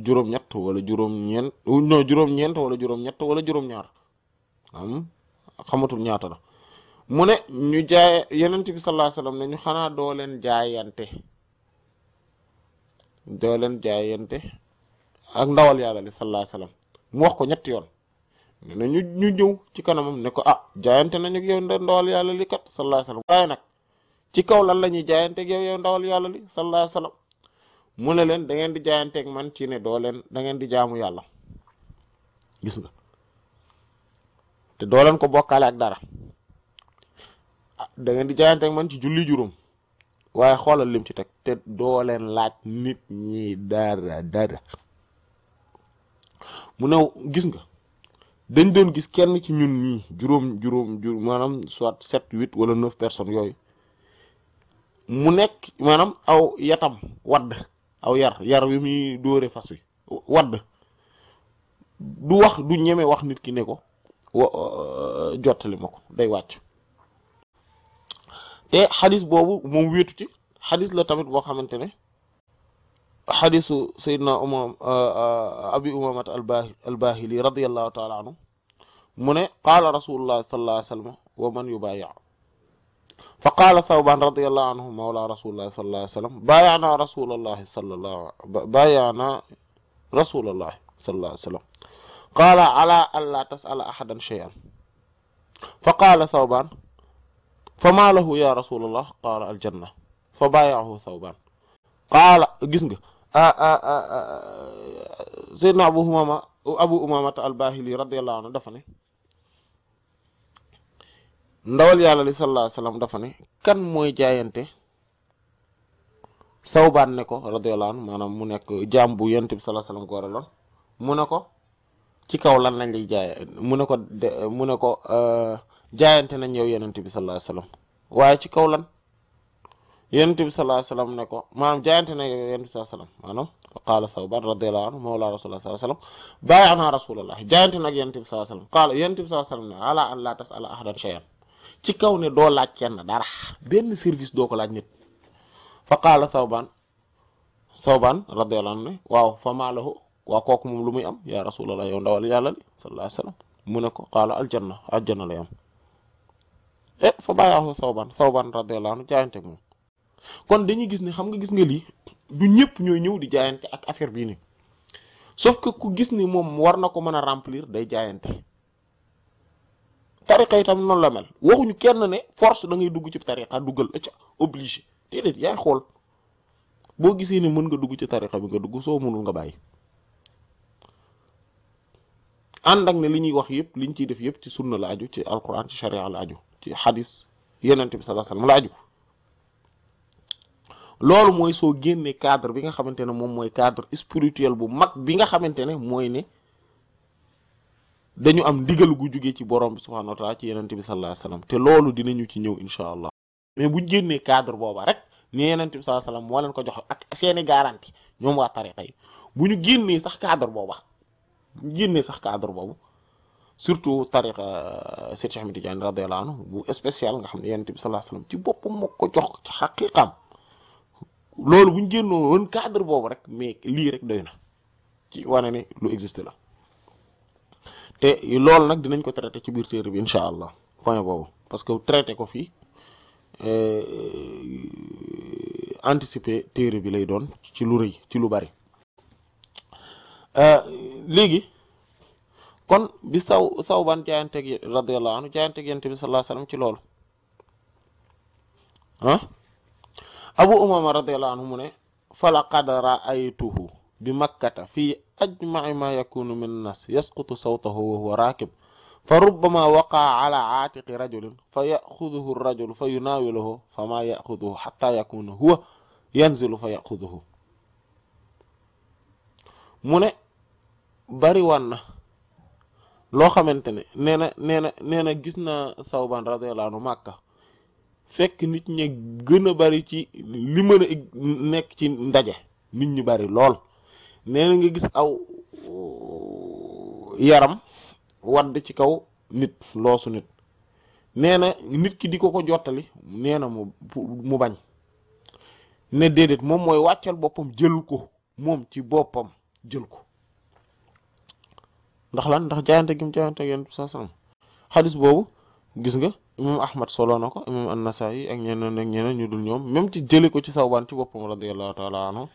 juróom-ñett wala juróom-ñeent wala juróom wala juróom-ñaar am xamatul ñaata la mu ne ñu jaay yonent bi sallallahu alayhi wasallam ne ñu xanaa doo leen jaayante doo leen jaayante ak ndawal yàlla li sallallahu alayhi mu wax ko ñetti yoon na ñu ñu ñëw ci kanamam ne ko ah jaayante nañu ak yow ndawal yàlla li kat sallallahu alayhi wasallam nag ci kaw lan la ñuy jaayanteeg yow yow ndawal yàlla li sallallahu alayhi mu ne leen da ngeen di jaayanteeg man ci ne doo leen da ngeen di jaamu yàlla gis nga te doo leen ko bokkaale ak dara ah, da ngeen di jaayanteeg man ci julli juróom waaye xoolal lim ci teg te doo leen laaj nit ñi dara dara mu ne gis nga dañ deen gis kenn ci ñun ñii juróom juróom juróom maanaam soit sept huit wala neuf personnes yooyu mu nekk maanaam aw yatam wadd aw yar yar wi muy dóore fas wi wadd du wax du ñeme wax nit ki ne ko euh, jottali ma ko day wàcc te xadis boobu moom wéetu ci xadis la tamit boo xamante ne xadisu sayyidina umam euh, euh, abi umamat albahili radiyallahu taala anhu mu ne qaala rasulullah sallallahu alayhi wa sallam wa man yubaaya fa qaala Sawbaan radiyallahu anhu mawla rasulillahi sallallahu alayhi wa sallam baayaana rasulallahi sallallahu baayaana rasulallahi sallallahu alayhi wa sallam qaala ala an laa tas'ala ahadan shay'an fa qaala Sawbaan fa maa lahu ya rasulallah qaala aljanna fa baayaahu Sawbaan qaala gis nga Seydina Abu Umaama Abu Umaamata al-Baahili radiyallahu anhu dafa ne ndawal yàlla li sallallahu alayhi dafa ne kan mooy jaayante sawbaan ne ko radiyallahu anhu mu nekk jaam bu yonent bi sallallahu alayhi wasallam góoraloon mu ne ko ci kaw lan lañ lay jaaye mu ne ko de mu ne ko euh, jaayante nañ yow yonent bi sallallahu alayhi wasallam waaye ci kaw lan yonent bi sallallahu ne ko maanaam jaayante nañ yow yonent bi sallallahu alayhi wasallam maanaam fa qaala sawbaan radiyallahu anhu mawla rasulullah sallallahu alayhi wasallam bàyyi anaa jaayante nag yonent bi sallallahu alayhi qaala yonent bi sallallahu alayhi ne ala an la tasala ci kaw ne doo laaj kenn dara benn service doo ko laaj nit fa qaala sawbaan sawbaan radiyallahu anhu waaw fa maa lahu waaw kooku moom lu muy am yaa rasulallah yow ndawal yàlla li sallallahu mu ne ko qaala aljanna aljanna lay am e fa bàyyaaxu sawbaan sawbaan radiyallahu anhu moom kon dañu gis ni xam nga gis nga lii du ñëpp ñooy ñëw di jaayante ak affaire bii ni sauf que ku gis ni moom war na ko mën a remplir day jaayante tariqa yi tamit noonu la mel waxuñu kenn ne force da ngay dugg ci tariqa duggal acca obligé déedéet yaay xool boo gisee ne mën nga dugg ci tariqa bi nga dugg soo mënul nga bàyyi ànd ak ne li ñuy wax yëpp liñ ciy def yëpp ci sunna la aju ci alquran ci sharia la aju ci hadis yenent bi sallallahu la aju loolu mooy soo génnee cadre bi nga xamante ne moom mooy cadre spirituel bu mag bi nga xamante ne mooy ne dañu am ndigal gu jóge ci borom bi subhanahu wa taala ci yenente bi sallallahu alayhi te loolu dinañu ci ñëw incha allah mais buñ génnee cadre booba rek ni yenente bi sallallahu moo leen ko jox ak seeni garantie ñoom waa tariqa yi bu ñu génnee sax cadre booba bu sax cadre boobu surtout tariqa euh, Seydi Cheikh Ahmed Tidiane radiyallahu anhu bu spécial nga xam ne yenente bi sallallahu ci boppam moo ko jox ci xaqiqam loolu buñ génnoo woon cadre boobu rek mais lii rek doy na ci wane ne lu existe la te loolu nag dinañ ko traité ci biir téere bi incha allah point boobu parce que traité ko fii euh, anticiper téere bi lay doon ci lu rëy ci lu bari euh, léegi kon bi saw saw ban jaayanteeg radiyallahu anhu jaayanteeg yonent bi sallallahu alayhi ci loolu ah Abu Umama radiyallahu anhu mu ne falaqad ra'aytuhu bi makkata fii ajma'i ma yakunu min nas yasqutu sawtahu wa raakib fa rubbama waqaa ala aatiqi rajulin fa yaxuduhu rajul fa yunaawiluhu fa maa mu ne bari wan loo xamante ne nee na nee na nee na gis naa Sawbaan radiyallaahu fekk nit ñi gën a bari ci li nekk ci ndaje nit ñu bari lool nee na nga gis aw uh, yaram wadd ci kaw nit loosu nit nee na nit ki di ko ko jottali nee na mu mu bañ ne déedéet moom mooy wàccal boppam jël ko moom ci boppam jël ko ndax lan ndax jaayante gi mu jaayante yéen sa sam xadis boobu gis nga imam ahmad solo na ko imam an-Nasa'i ak ñeneen ñu dul ñoom même ci jële ko ci sawbaan ci boppam radiyallahu taala anhu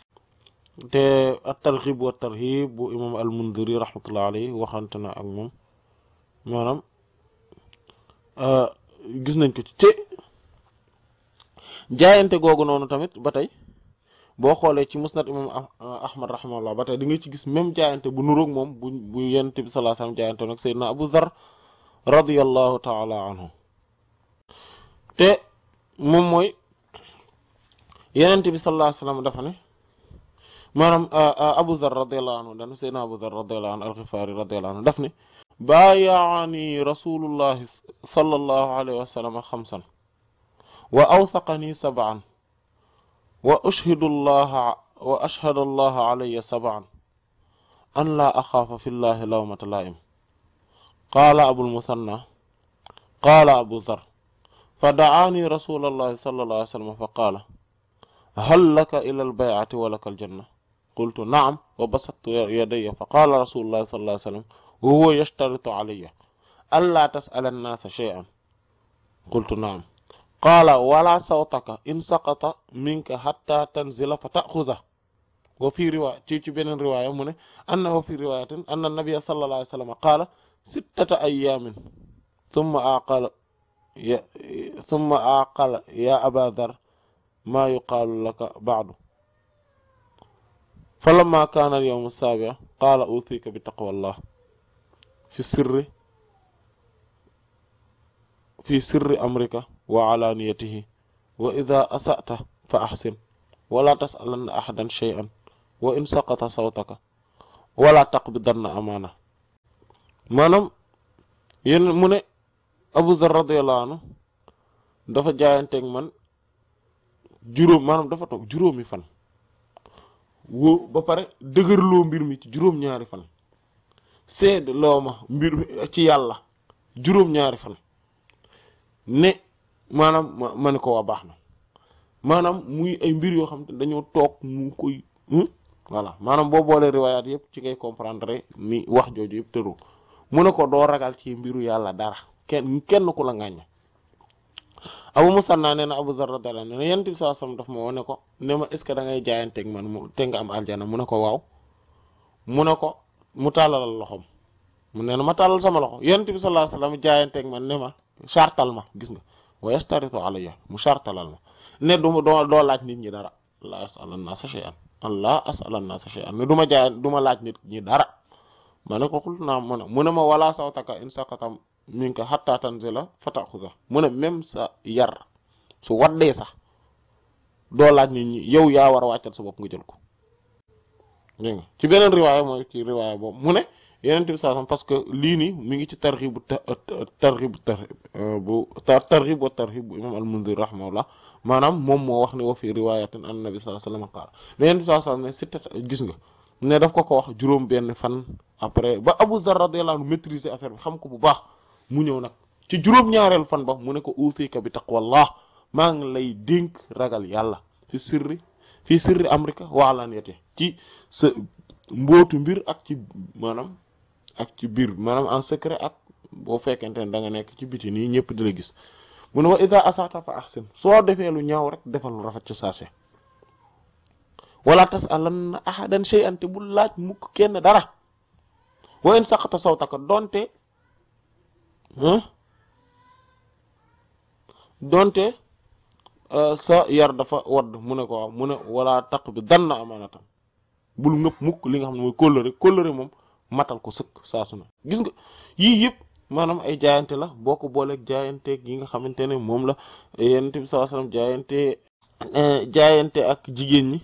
te at tarxib wa tarhib bu imam al mundiri rahmatullah alayhi waxante na ak moom maanaam euh, gis nañ ko ci te jaayante googu noonu tamit ba tey boo xoolee ci musnad imam euh, ahmad rahimahullah ba tey di nga ci gis même jaayante bu nuroog moom bu bu yonent bi sallallahu alayhi wasallam jaayante nag sayyidina abu mooy yonent bi sallallahu alayhi wasallam dafa ne maanaam Abu Zarr radiyallahu anhu danu Seydina Abu Zarr radiyallahu anhu al-Ghifari radiyallahu anhu daf ne baayaani rasulullahi sallallahu alayhi wa sallam xamsan wa awthaqani sab'an wa ashhadu allaha wa ashhadu allaha alayya sab'an an laa axaafa fi llahi lawmata laa'im qaala abul musanna qaala abu dhar fa da'aani rasulullahi sallallahu alayhi wa sallam fa qaala hal laka ila albay'ati wa laka aljanna qultu naam wa basattu yadayya fa qaala rasulullahi sallallahu alayhi wa sallam wa huwa yashtaritu alayya allaa tas'ala an-naasa shay'an qultu naam qaala wala sawtaka in saqata minka hatta tanzila fa ta'khudha wa fii riwaaya ci ci beneen riwaaya mu ne annahu fi riwaayatin anna nabiyya sallallahu alayhi wa sallam qaala sittata ayyaamin thumma aqala ya thumma aqala ya aba dhar maa yuqaalu laka ba'du fa lamma kaana al yawmu saabia qaala usiika bi taqwallah fi sirri fi sirri amrika wa alaaniyatihi wa ida asa'ta fa ahsin wala tasalanna ahadan shay'an wa in saqata sawtaka wala taqbidanna amaana maanaam yéen mu ne Abu Zarr radiyallahu anhu dafa jaayanteeg man juróom maanaam dafa toog juróomi fan woo ba pare dëgërloo mbir mi ci juróom-ñaari fan seede loo ma mbir mi ci yàlla juróom-ñaari fan ne maanaam ma ma ne ko waa baax na maanaam muy ay mbir yoo xam te dañoo toog mu koy hmm? voilà maanaam boo boolee riwaayaat yëpp ci ngay comprendre ni wax jooju yëpp tëroo mu ne ko doo ragal ci mbiru yàlla dara kenn kenn ku la ngàññ abu musanna nee na abu zarr radiyallahu anhu yonent bi sallallahu alayhi wasallam daf ma woo ne ko ma est ce que mu ne ko mu ne ko mu tàllalal loxom ma tàllal sama loxo yonent bi sallallahu alayhi wasallam jaayanteeg man ne ma chartal ma gis nga wa yastaritu alayya mu chartalal ma ne du ma doo doo laaj nit ñi dara la asalan naasa shay'an allah asalan naasa shay'an ne du ma jaay ma laaj nit ñi dara ma ne ko xul naa mu ne ma wala sawtaka in saqatam mi ko xattaa tanzila fataxuda mu ne même sa yar su waddee sax doo laaj ni ñi yow yaa war a wàccal sa bopp nga jël ko dégg nga ci beneen riwaaya mooy ci riwaaya boobu mu ne yeneen bi saa parce que lii nii mu ngi ci targhib euh, bu targhib bu targhib bu targhib bu imam al-Mundhir rahimahullah maanaam moom moo wax ne wa fi riwaayatin an nabi sallallahu alayhi wasallam qaala mais gis nga ne def ko ko wax juróom benn fan après ba Abu Zarr radiyallahu anhu maîtriser affaire bi xam ko bu baax mu ñëw nag ci juróom-ñaareel fan ba mu ne ko uusika bi taqwallah maa ngi lay dénk ragal yàlla fi sirri fi sirri amrika wa alaniyati ci sa mbootu mbir ak ci maanaam ak ci biir maanaam en secret ak boo fekkente ne da nga nekk ci biti nii ñëpp di la gis mu ne wa ida asata fa ahsin soo defee lu ñaaw rek defal lu rafet ci saase wala tasalanna ahadan shay'an te bul laaj mukk kenn dara wa in saqata sawtaka donte donte euh, sa yar dafa wadd mu ne ko waaw mu ne wala taq bi dan na amaanatam bul ngëpp mukk li nga xam ne mooy kóllëre kóllëre moom matal ko sëkk saasu na gis nga yii yëpp maanaam ay jaayante la boo ko booleeg jaayante yi nga xamante ne moom la yonent bi sallallahu jaayante euh, jaayante ak jigéen ñi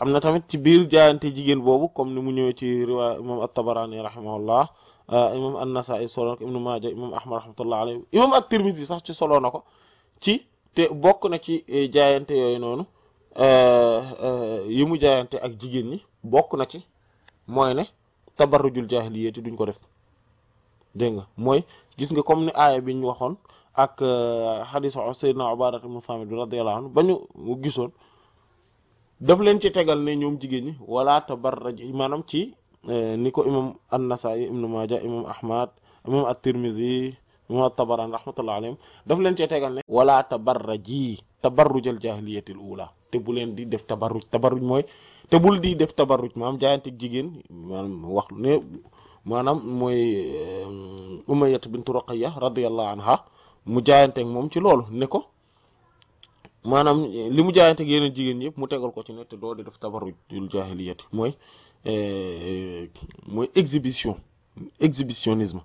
am na tamit ci biir jaayante jigéen boobu comme ni mu ñëwee ci riwaaya moom at-Tabarani rahimahullah Euh, imam an-Nasa'i solo na ko ibnu Maaja imam Ahmad rahmatullah alayhi imam at-Tirmidhi sax ci solo na ko ci te bokk na ci eh, jaayante yooyu noonu euh, euh, yi mu jaayante ak jigéen ñi bokk na ci mooy ne tabarrujul jaahiliyyati duñ ko def dégg nga mooy gis nga comme ni aaya bi ñu waxoon ak xadisu Seydina Ubaada ibn Saamit radiyallahu anhu ba ñu gisoon daf leen ci tegal ne ñoom jigéen ñi wala tabarruj maanaam ci Eh, ni ko imam an-Nasaa'i ibnu Maaja imam Ahmad imam at-Tirmizi imam at-Tabarani rahmatullah alayhim daf leen cee tegal ne wala tabarraji tabarrujal te bu leen di def tabarruj tabarruj mooy te bul di def tabaruj maanaam jaayante jigéen maanaam wax ne maanaam mooy eh, Umayyat bintu Ruqayya radiyallahu anha mu jaayanteeg moom ci loolu ne ko maanaam eh, li mu jaayanteeg yeneen jigéen ñëpp mu tegal ko ci ne te doo di def tabarrujul jahiliyati mooy Euh, euh, mooy exhibition exhibitionnisme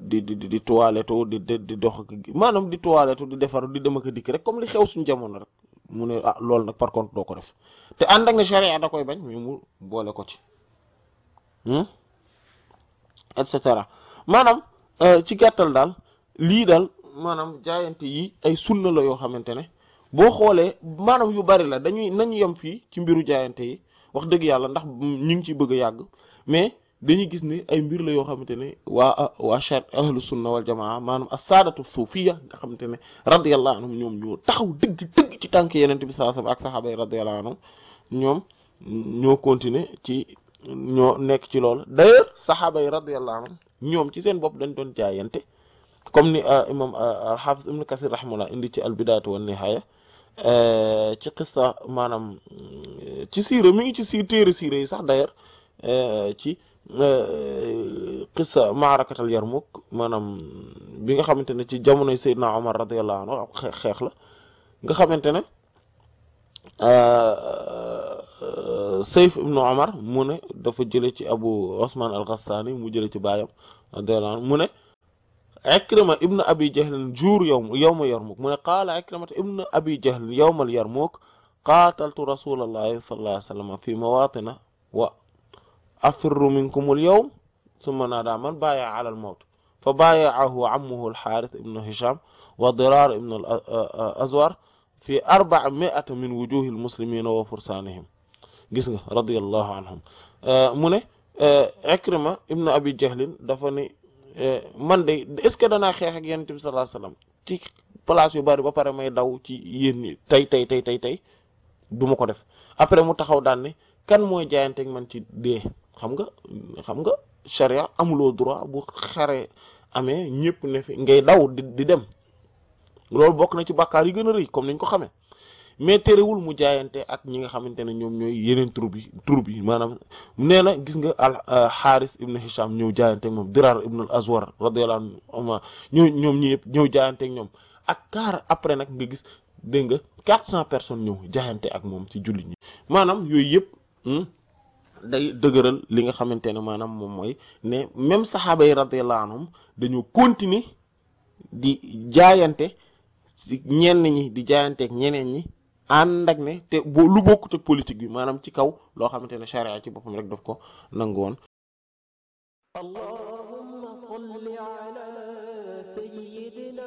di di di toilette di di dox maanaam di toilette di defaru di dem ak dikk rek comme li xew suñu jamono rek mu ne ah lool nag par contre doo ko def te ànd ak ne charia da koy bañ mais mu boole ko ci hmm? et cetera maanaam euh, ci gàttal daal lii daal maanaam jaayante yi ay sunna la yoo xamante ne boo xoolee maanaam yu bari la dañuy nañu yem fii ci mbiru jaayante yi wax dëgg yàlla ndax ñu ngi ciy bëgg a yàgg mais dañuy gis ne ay mbir la yoo xamante ne waa waa chat ahlu sunna wal jamaa maanaam as-saadatu suufiya nga xamante ne radiyallahu anhum ñoom ñoo taxaw dëgg ci tànk yeneen bi sallallahu alayhi ak saxaaba yi radiyallahu anhum ñoom ñoo continuer ci ñoo nekk ci loolu d'ailleurs saxaaba yi radiyallahu anhum ñoom ci seen bopp dañ doon jaayante comme ni euh, imam euh, al-Hafiz Ibn Kathir rahimahullah indi ci al-Bidaaya wan-Nihaaya Euh, ci xissa maanaam euh, ci siira mi ngi ci siir téere siira yi sax d'ailleurs euh, ci xissa maarakatal Yarmuk maanaam bi nga xamante ne ci jamonoy Seydina Omar radiyallahu anhu ab xeex la nga xamante ne Sayf ibnu Omar mu ne dafa jële ci Abu Osman al-Ghassani mu jële ci baayam radiyallahu anhu mu ne Ikrima ibn Abi Jahl juur yawm yawma Yarmuk mu ne qaala Ikrima ibn Abi Jahl yawmal Yarmuk qaataltu rasulallahi sallallahu alayhi wa sallam fi mawaatina wa afirru minkumul yawm summa naadaa man baaya'a alal mawt fa baaya'ahu ammuhu al-Haarith ibn Hisham wa Diraar ibn al-Azwar fi arba'a mi'ata min wujuuhil muslimiina wa fursaanihim gis nga radiyallahu anhum mu ne Ikrima ibn Abi Jahl dafa ni Eh, man de est-ce que danaa xeex ak yonent bi sallallahu alayhi ci place yu bari ba pare may daw ci yéen ñi tey tey tey tey tey du ma ko def après mu taxaw daan ne kan mooy jaayanteeg man ci dee xam nga xam nga charia amuloo droit bu xare amee ñëpp ne fi ngay daw di di dem loolu bokk na ci bàkkaar yi gën a rëy comme niñ ko xamee mais terewul mu jaayante ak ñi nga xamante ne ñoom ñooy yeneen troupe yi yi maanaam nee na gis nga al euh, Haris ibn ñëw jaayante moom Dirar ibn al-Azwar radiyallahu anhu ñoo ñoom ñi yëpp ñëw jaayante ñoom ak kaar après nag nga gis dégg nga quatre cent personnes ñëw jaayante ak moom ci jullit ñi maanaam yooyu yëpp hmm, day li nga xamante ne maanaam moom mooy ne même saxaaba yi radiyallahu anhum dañoo continuer di jaayante ñenn ñi di jaayanteeg ñeneen ñi ànd ak ne te boo lu bokkut ak politique bi maanaam ci kaw loo xamante ne charia ci boppam rek daf ko nangu woon allahumma salli ala sayyidina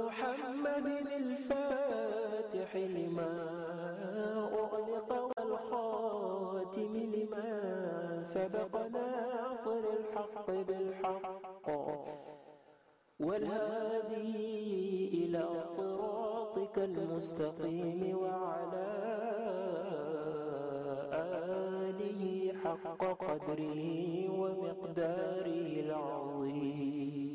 muhammadin al-fatihi lima ughliqa wal khatimi lima sabaqa nasir al-haqq bil haqq والهادي إلى صراطك المستقيم وعلى آله حق قدره ومقداره العظيم